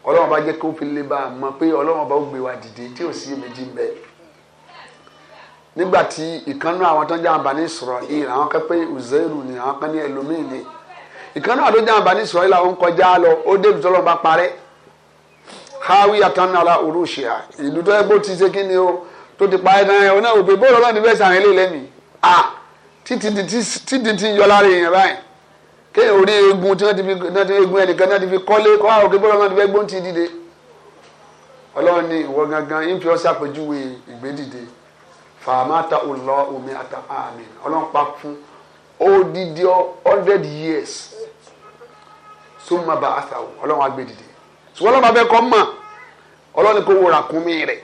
ọlọ́run bá jẹ́ kó fi lè bá a mọ̀ pé ọlọ́run bá ó gbé wa dìde tí ò sí méjì ń bẹ nígbà tí ìkànnú àwọn tó ń jẹ́ àǹbá ní Ísírẹ́lì àwọn kan pé Uzairu ni àwọn kan ní ẹlòmíì ni ìkànnì àdó jẹ́ àǹbá ní Ísírẹ́lì àwọn kọjá lọ ó débi tọ́lọ́ bá parẹ́ hawi atanala olùṣìà ìlú tó yẹ bó ti ṣe kí ni o tó ti parẹ́ náà ẹ̀ ọ̀nà òbí bóòlù ọlọ́run níbẹ̀ sàn ilé lẹ́mìí à títí ti yọ lára èèyàn báyìí kéèyàn orí egun tí wọ́n ti fi egun ẹnìkan náà ti fi kọ́lé kọ́ àwọn òkè bọ́ọ̀lù náà ti fẹ́ gbóhùn ti dìde ọlọ́run ní ìwọ gangan ń fi ọ́ ṣàpèjúwe ìgbédìde fàmáta ọlọ́ omi àtàmì ọlọ́run pa fún ó dídí hundred years summa ba'athahu ọlọ́run á gbé dìde ṣùgbọ́n ọlọ́run abẹ́ kọ́ mọ̀ ọlọ́run kò wo ràkúnmí rẹ̀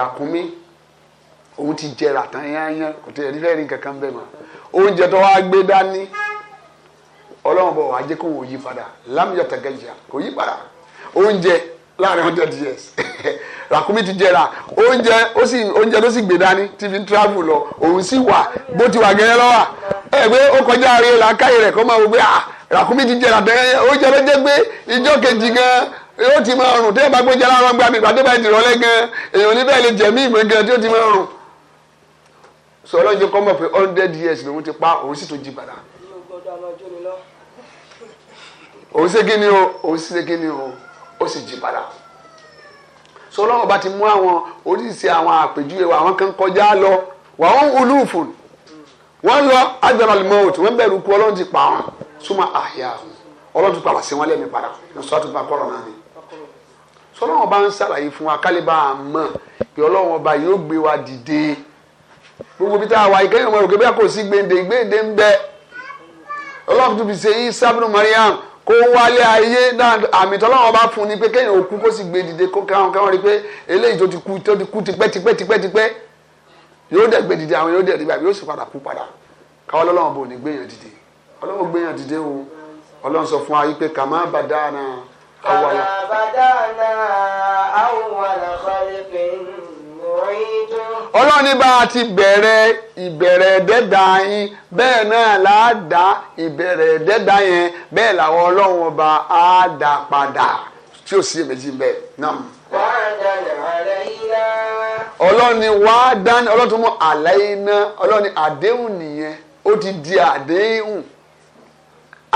ràkúnmí òun ti jẹ ràtán yányán kò tẹ̀lé nífẹ̀ẹ́ rí kankan bẹ́ẹ̀ mọ́ oúnjẹ tó wá gbé dání ọlọ́run bọ̀ wá jẹ́ kó wò yí padà lámìyà tàgẹ́jà kò yí padà oúnjẹ láàrin hundred years (laughs) ràkúnmí ti jẹra oúnjẹ ó sì oúnjẹ ló sì gbé dání tí fi ń travel lọ òun sì wà bó ti wà gẹ́gẹ́ lọ́wọ́ ẹ̀ pé ó kọjá rí làákàyè rẹ̀ kọ́ máa wọ pé ah ràkúnmí ti jẹ ràdẹ ó jẹ ló jẹ pé ìjọ kejì gan yóò ti máa rùn téèyàn bá gbé jẹ láàárọ̀ gbàmí ìgbà tó bá ti rọ̀lẹ́ gan èèyàn níbẹ̀ lè jẹ̀mí ìmọ̀ gan tí ó ti máa rùn. sọ ọlọ́run jẹ́ kọ́mọ̀ pé hundred years lòun ti pa òun sì tó jí padà. òun ṣe kíni o òun ṣe kíni o ó sì jí padà. sọ ọlọ́run bá ti mú àwọn oríṣi àwọn àpèjúwe wa àwọn kan kọjá lọ wàá ń olúfò wọ́n lọ agbára lè mọ òtún wọ́n bẹ̀rù kú ọlọ́run ti pa wọn súnmọ́ àyà ọlọ́dún padà sí wọn lẹ́mìí padà lọ́sọ̀tún bá kọ́rọ̀ náà ni. sọlọ́wọ́n bá ń ṣàlàyé fún wa kálíbà àmọ́ pé ọlọ́wọ́n ọba yóò gbé wa dìde gbogbo bí tá a wà yìí kẹ́yìn ọmọ rògbé bẹ́ẹ̀ kò sí gbèǹde gbèǹde ń bẹ ọlọ́run tún fi ṣe yí sábìnú Mariam kó wálé ayé àmì tọ́lọ́wọ́n bá fún ni pé kẹ́yìn òkú kó sì gbé dìde kó káwọn káwọn rí pé eléyìí tó ti kú tó ti kú tipẹ́ tipẹ́ tipẹ́ tipẹ́ yóò dẹ̀ gbé dìde àwọn yóò dẹ̀ rí báyìí yóò sì padà kú padà káwọn lọ́lọ́wọ́n bò ní gbé yẹn dìde ọlọ́run gbé yàn dìde o ọlọ́run sọ fún wa yìí pé kàmá bàdáàna awàlà. kàmá bàdáàna awàlà kọ́lẹ́fẹ̀ ọlọ́run ní bá a ti bẹ̀rẹ̀ ìbẹ̀rẹ̀ ẹ̀dẹ́dà yín bẹ́ẹ̀ náà là á dá ìbẹ̀rẹ̀ ẹ̀dẹ́dà yẹn bẹ́ẹ̀ làwọn ọlọ́run ọba á dá padà tí ò sí èméjì bẹ́ẹ̀ náà. ọlọ́run ni wàá dání ọlọ́run tó mú àlàyé náà ọlọ́run ni àdéhùn nìyẹn ó ti di àdéhùn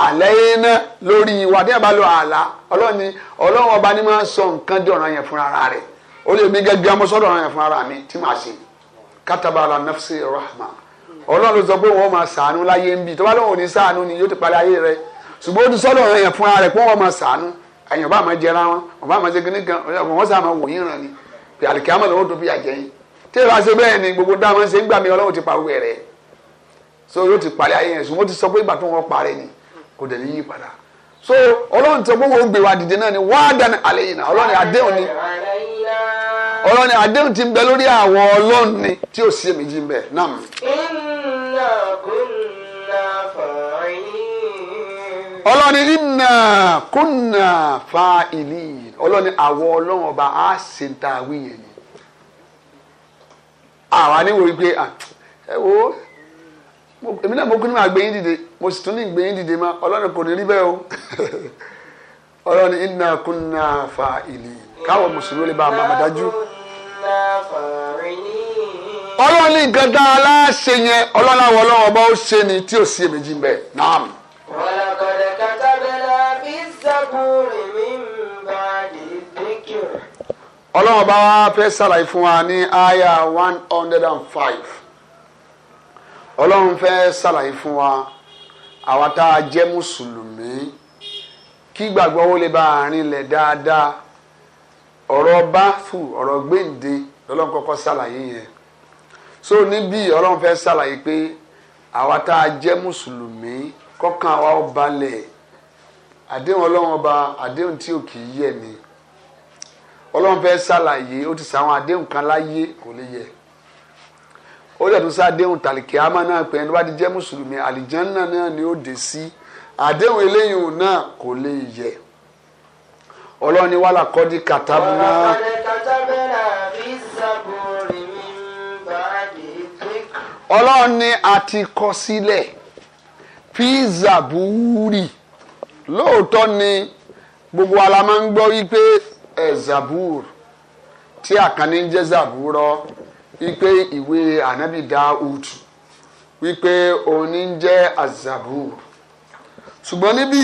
àlẹ́ iná lórí wa bí ẹ bá lo àlá ọlọ́run ni ọlọ́run ọba ni máa ń sọ nǹkan di ọ̀ràn yẹn fún ara rẹ̀ ó lè mí gẹ́gẹ́ ọmọ ọ̀ràn yẹn fún ara mi tí màá ṣe kátàbà àlà nafsi rahma ọlọ́run ló sọ pé wọ́n máa ṣàánú láyé ń bì tó bá lóun ò ní ṣàánú ni yóò ti parí ayé rẹ̀ ṣùgbọ́n ó ti sọ́dọ̀ ọ̀ràn yẹn fún ara rẹ̀ pé wọ́n máa ṣàánú ẹ̀yìn ọba àmọ́ jẹra wọn ọba àmọ́ ṣe kíní kan wọ́n sá wò yín ràn ni pé àlìkámọ̀ lọ́wọ́ tó fi àjẹ yín tí ìbá ṣe bẹ́ẹ̀ ni gbogbo dáhùn ṣe ń gbà mí ọlọ́run ti pàwé rẹ̀ so yóò ti parí ayé yẹn ṣùgbọ́n ó ti sọ pé ìgbà tó wọ́n parí ni kò dẹ̀ ní yí padà so ọlọ́run tó gbogbo gbé wa dìde náà ni wá dání alẹ́ yìí náà ọlọ́run àdéhùn ni ọlọ́run àdéhùn ti ń bẹ lórí àwọn ọlọ́run ni tí ò sí èmi jí ń bẹ náà. inna kunna ọlọ́run ọlọ́run ọba á ṣe ń ta ni àwa ni wò ó èmi náà mo kú ní màá gbé dìde mo sì tún ní gbé dìde máa ọlọ́run kò ní rí bẹ́ẹ̀ o (laughs) ọlọ́run iná kúnná fa ìlì káwọn mùsùlùmí lè bá a máa dájú. ọlọ́run ní nǹkan tá a láṣẹ yẹn ọlọ́run àwọn ọlọ́run ọba ó ṣe ni tí ò sí èméjì ń bẹ náà. wàlàkọ̀dà kàtàbẹ̀lá fi sàkúrì mi ń bá dìbíkì. ọlọ́run ọba wa fẹ́ ṣàlàyé fún wa ní àyà one hundred and five ọlọ́run fẹ́ ṣàlàyé fún wa àwa tá a jẹ́ mùsùlùmí kí gbàgbọ́ wo lè bá àárín lẹ̀ dáadáa ọ̀rọ̀ báfù ọ̀rọ̀ gbéǹde lọ́lọ́run kọ́kọ́ ṣàlàyé yẹn so níbí ọlọ́run fẹ́ ṣàlàyé pé àwa tá a jẹ́ mùsùlùmí kọ́kàn àwa ó balẹ̀ àdéhùn ọlọ́run ọba àdéhùn tí ò kì í yẹ̀ ni ọlọ́run fẹ́ ṣàlàyé ó ti sàwọn àdéhùn kan láyé kò lè yẹ̀ ó dẹ̀ tún sàdéhùn tàlìkì àmà náà pé ẹni bá ti jẹ́ mùsùlùmí àlìjánná náà ni ó dé sí àdéhùn eléyìí náà kò lè yẹ ọlọ́ni wàhálà kọ́dí kàtàbùnà. ọlọ́ni àti kọ sílẹ̀ pizza búrì lóòótọ́ ni gbogbo wa la máa ń gbọ́ wípé ẹ̀ zabur tí àkànní ń jẹ́ zaburọ́ wípé ìwé ànábì Dáúd wípé òun ní jẹ́ azabur ṣùgbọ́n níbí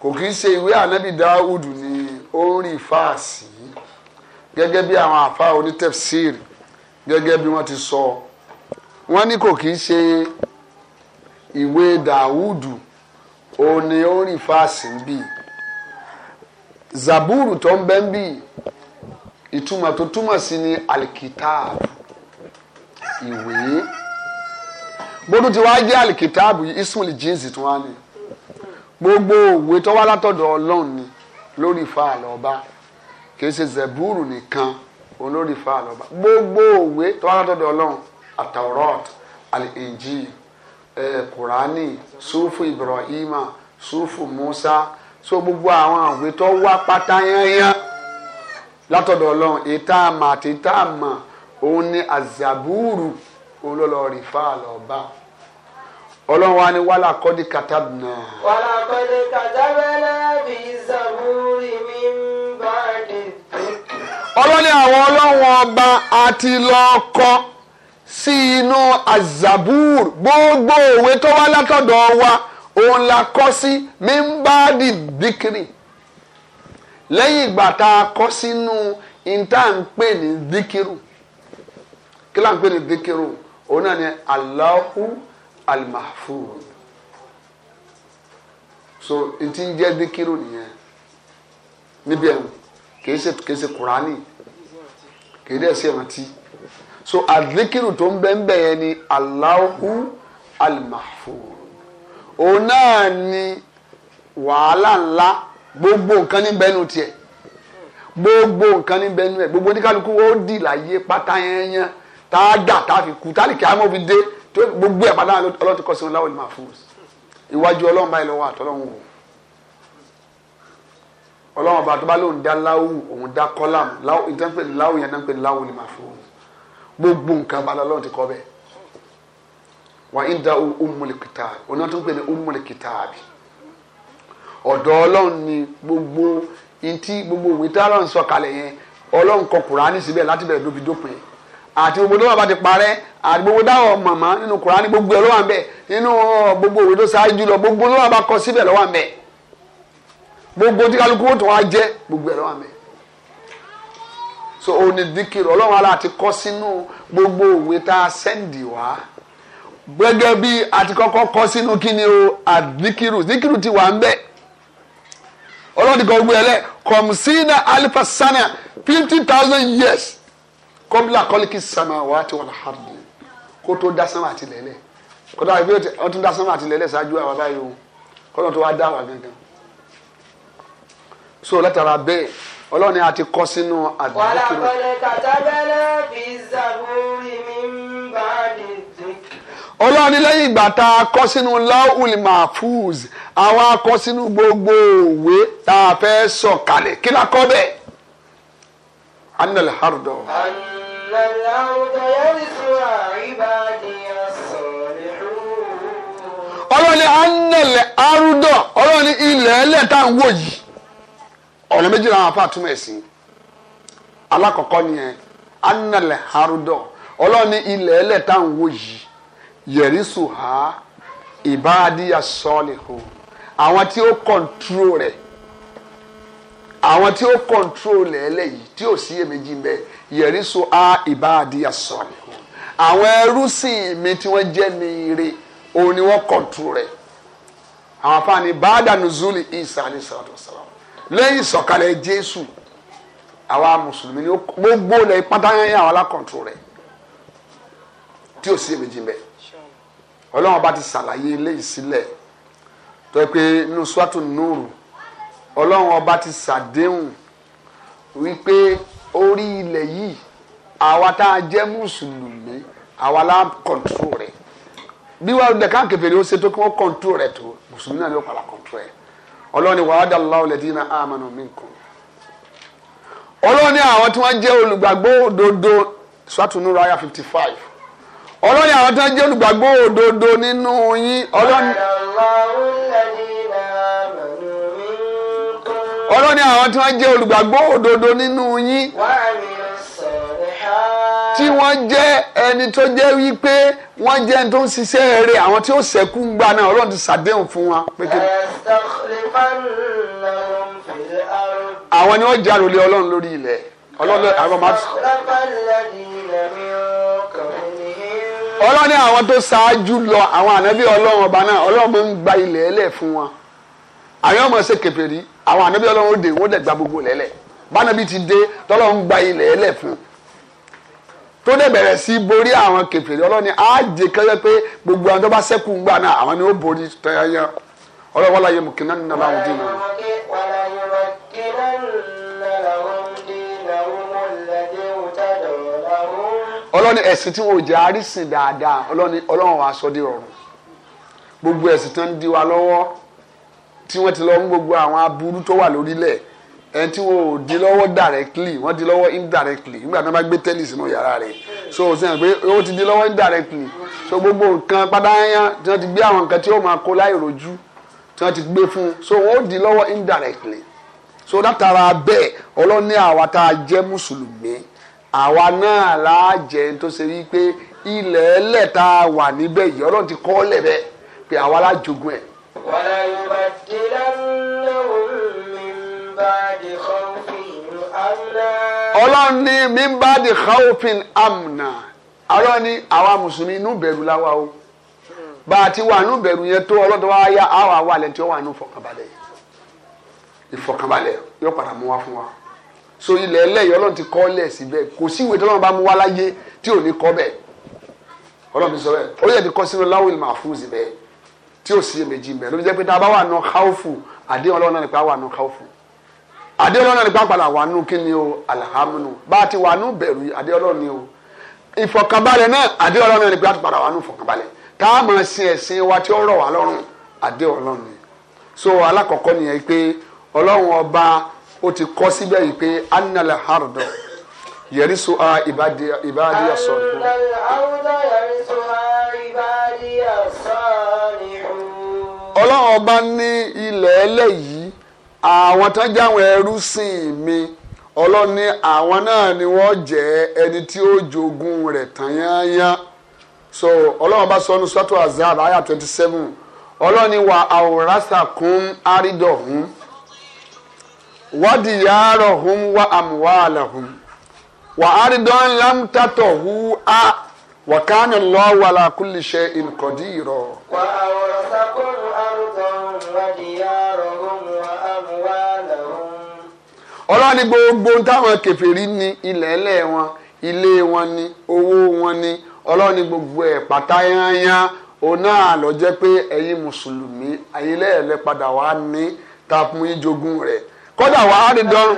kò kí ń ṣe ìwé ànábì Dáúd ni ó ń rìn fáàsì gẹ́gẹ́ bí àwọn àfa onítẹ̀fsíìrì gẹ́gẹ́ bí wọ́n ti sọ wọ́n ní kò kí ń ṣe ìwé Dáúdù òun ni ó rìn fáàsì ń bì zaburu tó ń bẹ́ ń bì ìtumọ̀ tó túmọ̀ sí ni alikitaabu ìwé bódú ti wá jẹ́ alikitaabu ismail jíǹsì tí wọ́n ní gbogbo òwe tó wá látọ̀dọ̀ ọlọ́run ni lórí ìfà àlọ́ba kì í ṣe zebúrù nìkan òun lórí ìfà àlọ́ba gbogbo òwe tó wá látọ̀dọ̀ ọlọ́run àtàwọ̀rọ̀t àlìkèjì kùránì sùfù ibrahima sùfù musa so gbogbo àwọn òwe tó wá pátá yányán látọ̀dọ̀ ọlọ́run ìta àmà àti ìta àmà òun ni àzàbúrù òun ló lọ rí fa àlọ́ọ̀bá ọlọ́run wa ni wàhálà kọ́dí katabna. wàhálà kọ́dí katabna bí zaburi mi ń bá dé. ọlọ́ni àwọn ọlọ́run ọba àti lọ́ọ́kọ́ sí inú àzàbúrù gbogbo òwe tó wá látọ̀dọ̀ wa òun la kọ́ sí mi ń lẹ́yìn ìgbà tá a kọ́ sínú ìta ń pè ní díkìrù kí là ń pè ní díkìrù òun náà ni Allahu al-mahfuz so n ti ń jẹ́ díkìrù nìyẹn níbi ẹ̀hún kìí ṣe kìí ṣe kùránì kìí dẹ̀ ṣe rántí so àdíkìrù tó ń bẹ́ yẹn ni Allahu al òun náà ni wàhálà ńlá gbogbo nǹkan ní bẹnu tiẹ̀ gbogbo nǹkan ní bẹnu ẹ̀ gbogbo oníkálukú ó dì láyé pátá yẹn tá a dà tá a fi kú tá a lè kí a mọ̀ fi dé tó gbogbo ẹ̀ pátá ọlọ́run ti kọ́ sí wọn láwọn ìmọ̀ àfọwọ́sí iwájú ọlọ́run báyìí lọ́wọ́ àtọ́lọ́run wò ọlọ́run ọba tó bá lóun dá láwù òun dá kọ́làmù láwù ìtàn pé láwù yẹn náà pé láwù ni màá fún un gbogbo nǹkan bá lọ́run ti kọ́ wà ń da umulikitaabi òun náà tó ń pè ní umulikitaabi ọ̀dọ̀ ọlọ́run ni gbogbo ntí gbogbo òwe tí ọlọ́run sọ kalẹ̀ yẹn ọlọ́run kọ kùránì síbẹ̀ láti bẹ̀rẹ̀ dóbi dópin àti gbogbo tó bá ti parẹ́ àti gbogbo dáwọ̀ màmá nínú kùránì gbogbo ẹ̀ ló nínú uh, gbogbo òwe tó ṣáájú lọ gbogbo bá kọ síbẹ̀ so òní ọlọ́run ara ti gbogbo òwe tá a wá kọ o ọlọ́run ti kọ gbogbo ẹ alifa sana fifty thousand years kọmila kọliki sama wa ti wọn hàrù kó tó dá sama àti lẹlẹ kó tó àgbẹ̀ wọn dá sama àti lẹlẹ ṣáájú àwa báyìí o kọlọ́run tó wá dá wa gangan so látara bẹ́ẹ̀ ọlọ́run ni a ti kọ sínú àdúgbò. wàlàkọ̀lẹ̀ kàtàbẹ́lẹ́ fi zàbúrì mi bá ní dìkì ọlọ́run lẹ́yìn ìgbà tá a kọ sínú láwùlì mahfuz àwa kọ sínú gbogbo òwe tá a fẹ́ sọ kalẹ̀ kí la kọ́ bẹ́ẹ̀. anal ọlọ́ni anal hardo ọlọ́ni ilẹ̀ ẹlẹ́ta ń wò yìí ọ̀nà méjì làwọn afa túmọ̀ ẹ̀ sí alákọ̀ọ́kọ́ nìyẹn anal hardo ọlọ́ni ilẹ̀ ẹlẹ́ta ń wò yìí àwọn tí ó kọ̀ntró rẹ̀ àwọn tí ó control ẹlẹ́yìí tí ò sí èméjì ń bẹ yẹ̀rí so á ìbáàdì àsọ̀rọ̀ àwọn ẹrú sì mi tí wọ́n jẹ́ ní ire òun ni wọ́n control rẹ̀ àwọn afáàní báàdà nùzúlì Isa ní sàlọ́tò sàlọ́ lẹ́yìn ìsọ̀kalẹ̀ Jésù àwa mùsùlùmí ni gbogbo lẹ̀ pátáyáyá àwọn alákọ̀ntró rẹ̀ tí ò sí èméjì ń bẹ ọlọ́run bá ti ṣàlàyé eléyìí sílẹ̀ tó yẹ pé nínú swatu nùrù ọlọ́run ọba ti ṣàdéhùn wípé orí ilẹ̀ yìí àwa tá a jẹ́ mùsùlùmí àwa la kọ̀ǹtúrò rẹ̀ bí wàá lulẹ̀ ká kèfèrí ó ṣe tó kí wọ́n kọ̀ǹtúrò rẹ̀ tó mùsùlùmí náà ló padà kọ̀ǹtúrò ẹ̀ ọlọ́run ni wa'ada Allahu alladhina amanu minkum ọlọ́run ní àwọn tí wọ́n jẹ́ olùgbàgbọ́ òdodo sọ́túnú ráyà fifty five ọlọ́run ní àwọn tí wọ́n jẹ́ olùgbàgbọ́ òdodo nínú yín ọlọ́run ọlọ́ni àwọn tí wọ́n jẹ́ olùgbàgbọ́ òdodo nínú yín tí wọ́n jẹ́ ẹni tó jẹ́ wípé wọ́n jẹ́ ẹni tó ń ṣiṣẹ́ eré àwọn tí ó ṣẹ́kù ń gbà náà ọlọ́run ti ṣàdéhùn fún wa. àwọn ni wọ́n jẹ́ ọlọ́run lórí ilẹ̀ ọlọ́run àwọn ọlọ́run ní àwọn tó ṣáájú lọ àwọn ànábì ọlọ́run ọba náà ọlọ́run máa ń gba ilẹ̀ ẹlẹ̀ fún wọn àwọn ọmọ ṣe kèfèrí àwọn ànábì ọlọ́wọ́ dè wọ́n dẹ̀ gba gbogbo lẹ́lẹ̀ bánábì ti dé ń gba ilẹ̀ ẹlẹ̀ fún tó dẹ̀ sí borí àwọn kèfèrí ọlọ́ni àjẹ kẹ́yẹ pé gbogbo àwọn tó bá ṣẹ́kù ń gbà náà àwọn ni ó borí tẹ́yẹ́yẹ́ ọlọ́wọ́ láyé mú kíná nínú àwọn dín náà. ọlọ́ni ẹ̀sìn tí wọ́n jẹ́ àrísìn dáadáa ọlọ́ni ọlọ́run wàá sọ dé ọ̀run gbogbo ẹ̀sìn tó ń di wa lọ́wọ́ tí wọ́n ti lọ mú gbogbo àwọn aburú tó wà lórílẹ̀ ẹni tí wọn ò di lọ́wọ́ directly wọ́n di lọ́wọ́ indirectly nígbà tí wọ́n bá gbé tẹ́lì sínú yàrá rẹ̀ so o sẹ́yìn pé ó ti di lọ́wọ́ indirectly so gbogbo nǹkan padàyà tí wọ́n ti gbé àwọn nǹkan tí ó máa kó láì tí wọ́n ti gbé fún so wọ́n ó di lọ́wọ́ indirectly so látara bẹ́ẹ̀ ọlọ́ni àwa tá a jẹ́ mùsùlùmí àwa náà là á jẹ́ tó ṣe wí pé ilẹ̀ ẹlẹ́ta wà níbẹ̀ yìí ọlọ́run ti kọ́ lẹ̀ bẹ́ẹ̀ pé àwa lá jogún ẹ̀ ọlọ́run ní di haufin amna ọlọ́run ni àwa mùsùlùmí inú bẹ̀rù láwa o bá a ti wà nínú bẹ̀rù yẹn tó ọlọ́dọ̀ wa yá àwa wà lẹ́ni tí ó wà nínú ìfọ̀kànbalẹ̀ ìfọ̀kànbalẹ̀ yóò padà mú wa fún wa so ilẹ̀ ẹlẹ́yìí ọlọ́run ti kọ́ lẹ̀ síbẹ̀ kò sí ìwé tọ́lọ́run bá mú wa láyé tí ò ní kọ́ bẹ́ẹ̀ ọlọ́run ti sọ bẹ́ẹ̀ ó yẹ ti kọ́ sínú láwùl máfúùsì bẹ́ẹ̀ tí ò sí èméjì mbẹ ló fi jẹ́ pé tá a bá wà nù káwùfù àdéhùn ọlọ́run náà nípa wà nù káwùfù àdéhùn ọlọ́run náà nípa padà wà nù kí ni o alhamdu bá a ti wà nù bẹ̀rù àdéhùn ọlọ́run ni o ìfọ̀kànbalẹ̀ náà àdéhùn ọlọ́run náà nípa padà wà nù ìfọ̀kànbalẹ̀ tá a máa sin ẹ̀sìn wa tí ó rọ̀ wá lọ́rùn àdéhùn ọlọ́run ni so alákọ̀ọ́kọ́ nìyẹn pé ọlọ́run ọba ó ti kọ́ síbẹ̀ yìí pé annala hardo yẹrisu a ibadi asọ̀rọ̀. annala hardo yẹrisu a ibadi asọ̀rọ̀. ọlọ́run ọba ní ilẹ̀ ẹlẹ́yìí àwọn tó àwọn ẹrú sìn mi ọlọ́run ní àwọn náà ni wọ́n jẹ́ ẹni tí ó jogún rẹ̀ tán yányán so ọlọ́run bá sọ ọ́nù sọ́tò azab ayah twenty seven ọlọ́run ní wa àwòránṣà kún àrídọ̀hún wádìí yàrá òhún wá àmúwá àlàhùn wà àrídọ̀ ńlá ń tàtọ̀ hù á. وكان الله على كل شيء قدير وأورثكم ọlọ́ni gbogbo táwọn kèfèrí ní ilẹ̀ ẹlẹ́ wọn ilé wọn ni owó wọn ni ọlọ́ni gbogbo ẹ̀ pátá yányán òun náà lọ jẹ́ pé ẹ̀yin mùsùlùmí ayélujára padà wá ní ta fún rẹ̀ kọ́dà wà rí gan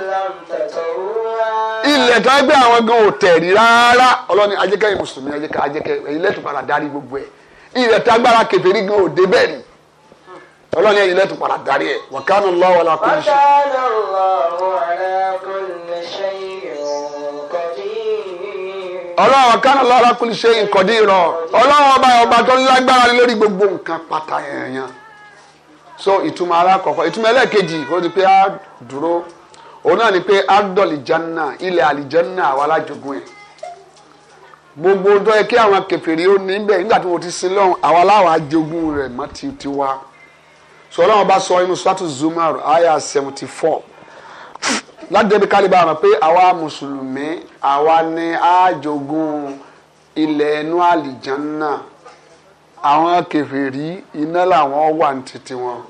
ẹgbẹ́ àwọn gan ò tẹ̀rí rárá ajẹ́kẹ́ mùsùlùmí ajẹ́kẹ́ ọlọ́ni ẹ̀yin lẹ́tù padà darí ẹ̀ wa kana Allahu ala kulli shay. wa kana Allahu ala kulli shay'in qadir. ọlọ́wọ́ wa kana Allahu ala kulli shay'in qadir rọ ọlọ́wọ́ ọba ọba tó lágbára lórí gbogbo nǹkan pátá yẹn so ìtumọ̀ alákọ̀ọ́kọ́ ìtumọ̀ ẹlẹ́ẹ̀kejì ó ti pé á dúró òun náà ni pé ardọ̀lìjánná ilẹ̀ àlìjánná àwọn alájogún ẹ̀ gbogbo ọdọ́ ẹ kí àwọn kèfèrí ó ní bẹ́ẹ̀ nígbà tí mo ti sin lọ́hùn àwọn aláwọ̀ ajogun rẹ̀ mọ́ ti ti wá sọlá wọn bá sọ inú sọ́tù zumar aya seventy four láti débi kálíbà mọ̀ pé àwa mùsùlùmí àwa ni àjogún ilẹ̀ ẹnu àlìjánná àwọn kèfèrí iná làwọn wà ní títí wọn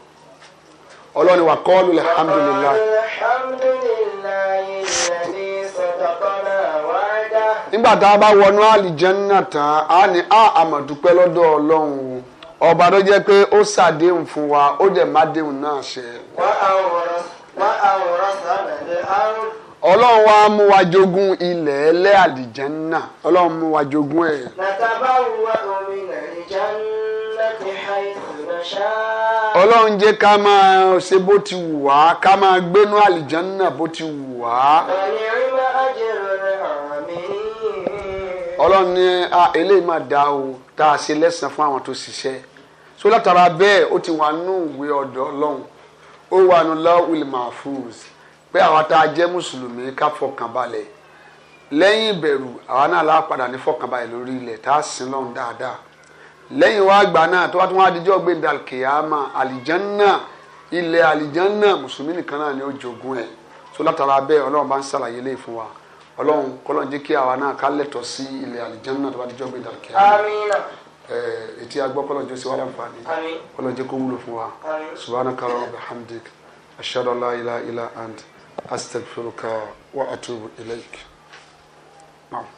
ọlọ́ni wa kọ́ọ̀lù alhamdulilayi. nígbà tá a bá wọnú àlìjánná tán a ní a àmọ̀dúpẹ́ lọ́dọ̀ ọlọ́run o. ọba ló jẹ́ pé ó sàdéhùn fún wa ó dẹ̀ má déhùn náà ṣe. ọlọ́run wa mú wa jogún ilẹ̀ ẹlẹ́ àlìjẹ́nnà ọlọ́run mú wa jogún ẹ̀. ọlọ́run jẹ́ ká máa ṣe bó ti ká máa gbénú bó ti wù wá. ọlọ́run ní eléyìí máa dá o. taa a ṣe lẹ́sàn fún àwọn tó ṣiṣẹ́ so látara bẹ́ẹ̀ ó ti wà nù ìwé ọ̀dọ̀ ọlọ́run ó wà nù lawil mahfuz pé àwa tá a jẹ́ mùsùlùmí ká fọkàn balẹ̀ lẹ́yìn ìbẹ̀rù àwa náà la padà ní fọkàn balẹ̀ lórí ilẹ̀ tá a sin lọ́run dáadáa lẹ́yìn wá àgbà náà tó wá tún wá adijọ́ gbé dalkiyama àlìjánná ilẹ̀ àlìjánná mùsùlùmí nìkan náà ni ó jogún ẹ̀ so látara bẹ́ẹ̀ ọlọ́run bá ń ṣàlàyé lé fún wa ọlọ́run kọ́lọ́n jẹ́ kí àwa náà ká lẹ́tọ̀ọ́ sí ilẹ̀ àlìjánnà tó bá dijọ́ gbé dàrú kíá. àmín. ètí agbọ́ kọ́lọ́n jẹ́ sí wàhálà nfààní. àmín. kọ́lọ́n jẹ́ kó wúlò fún wa. àmín. subhanaka bihamdik ashhadu an la ilaha illa ant astaghfiruka wa atubu ilaik. Naam.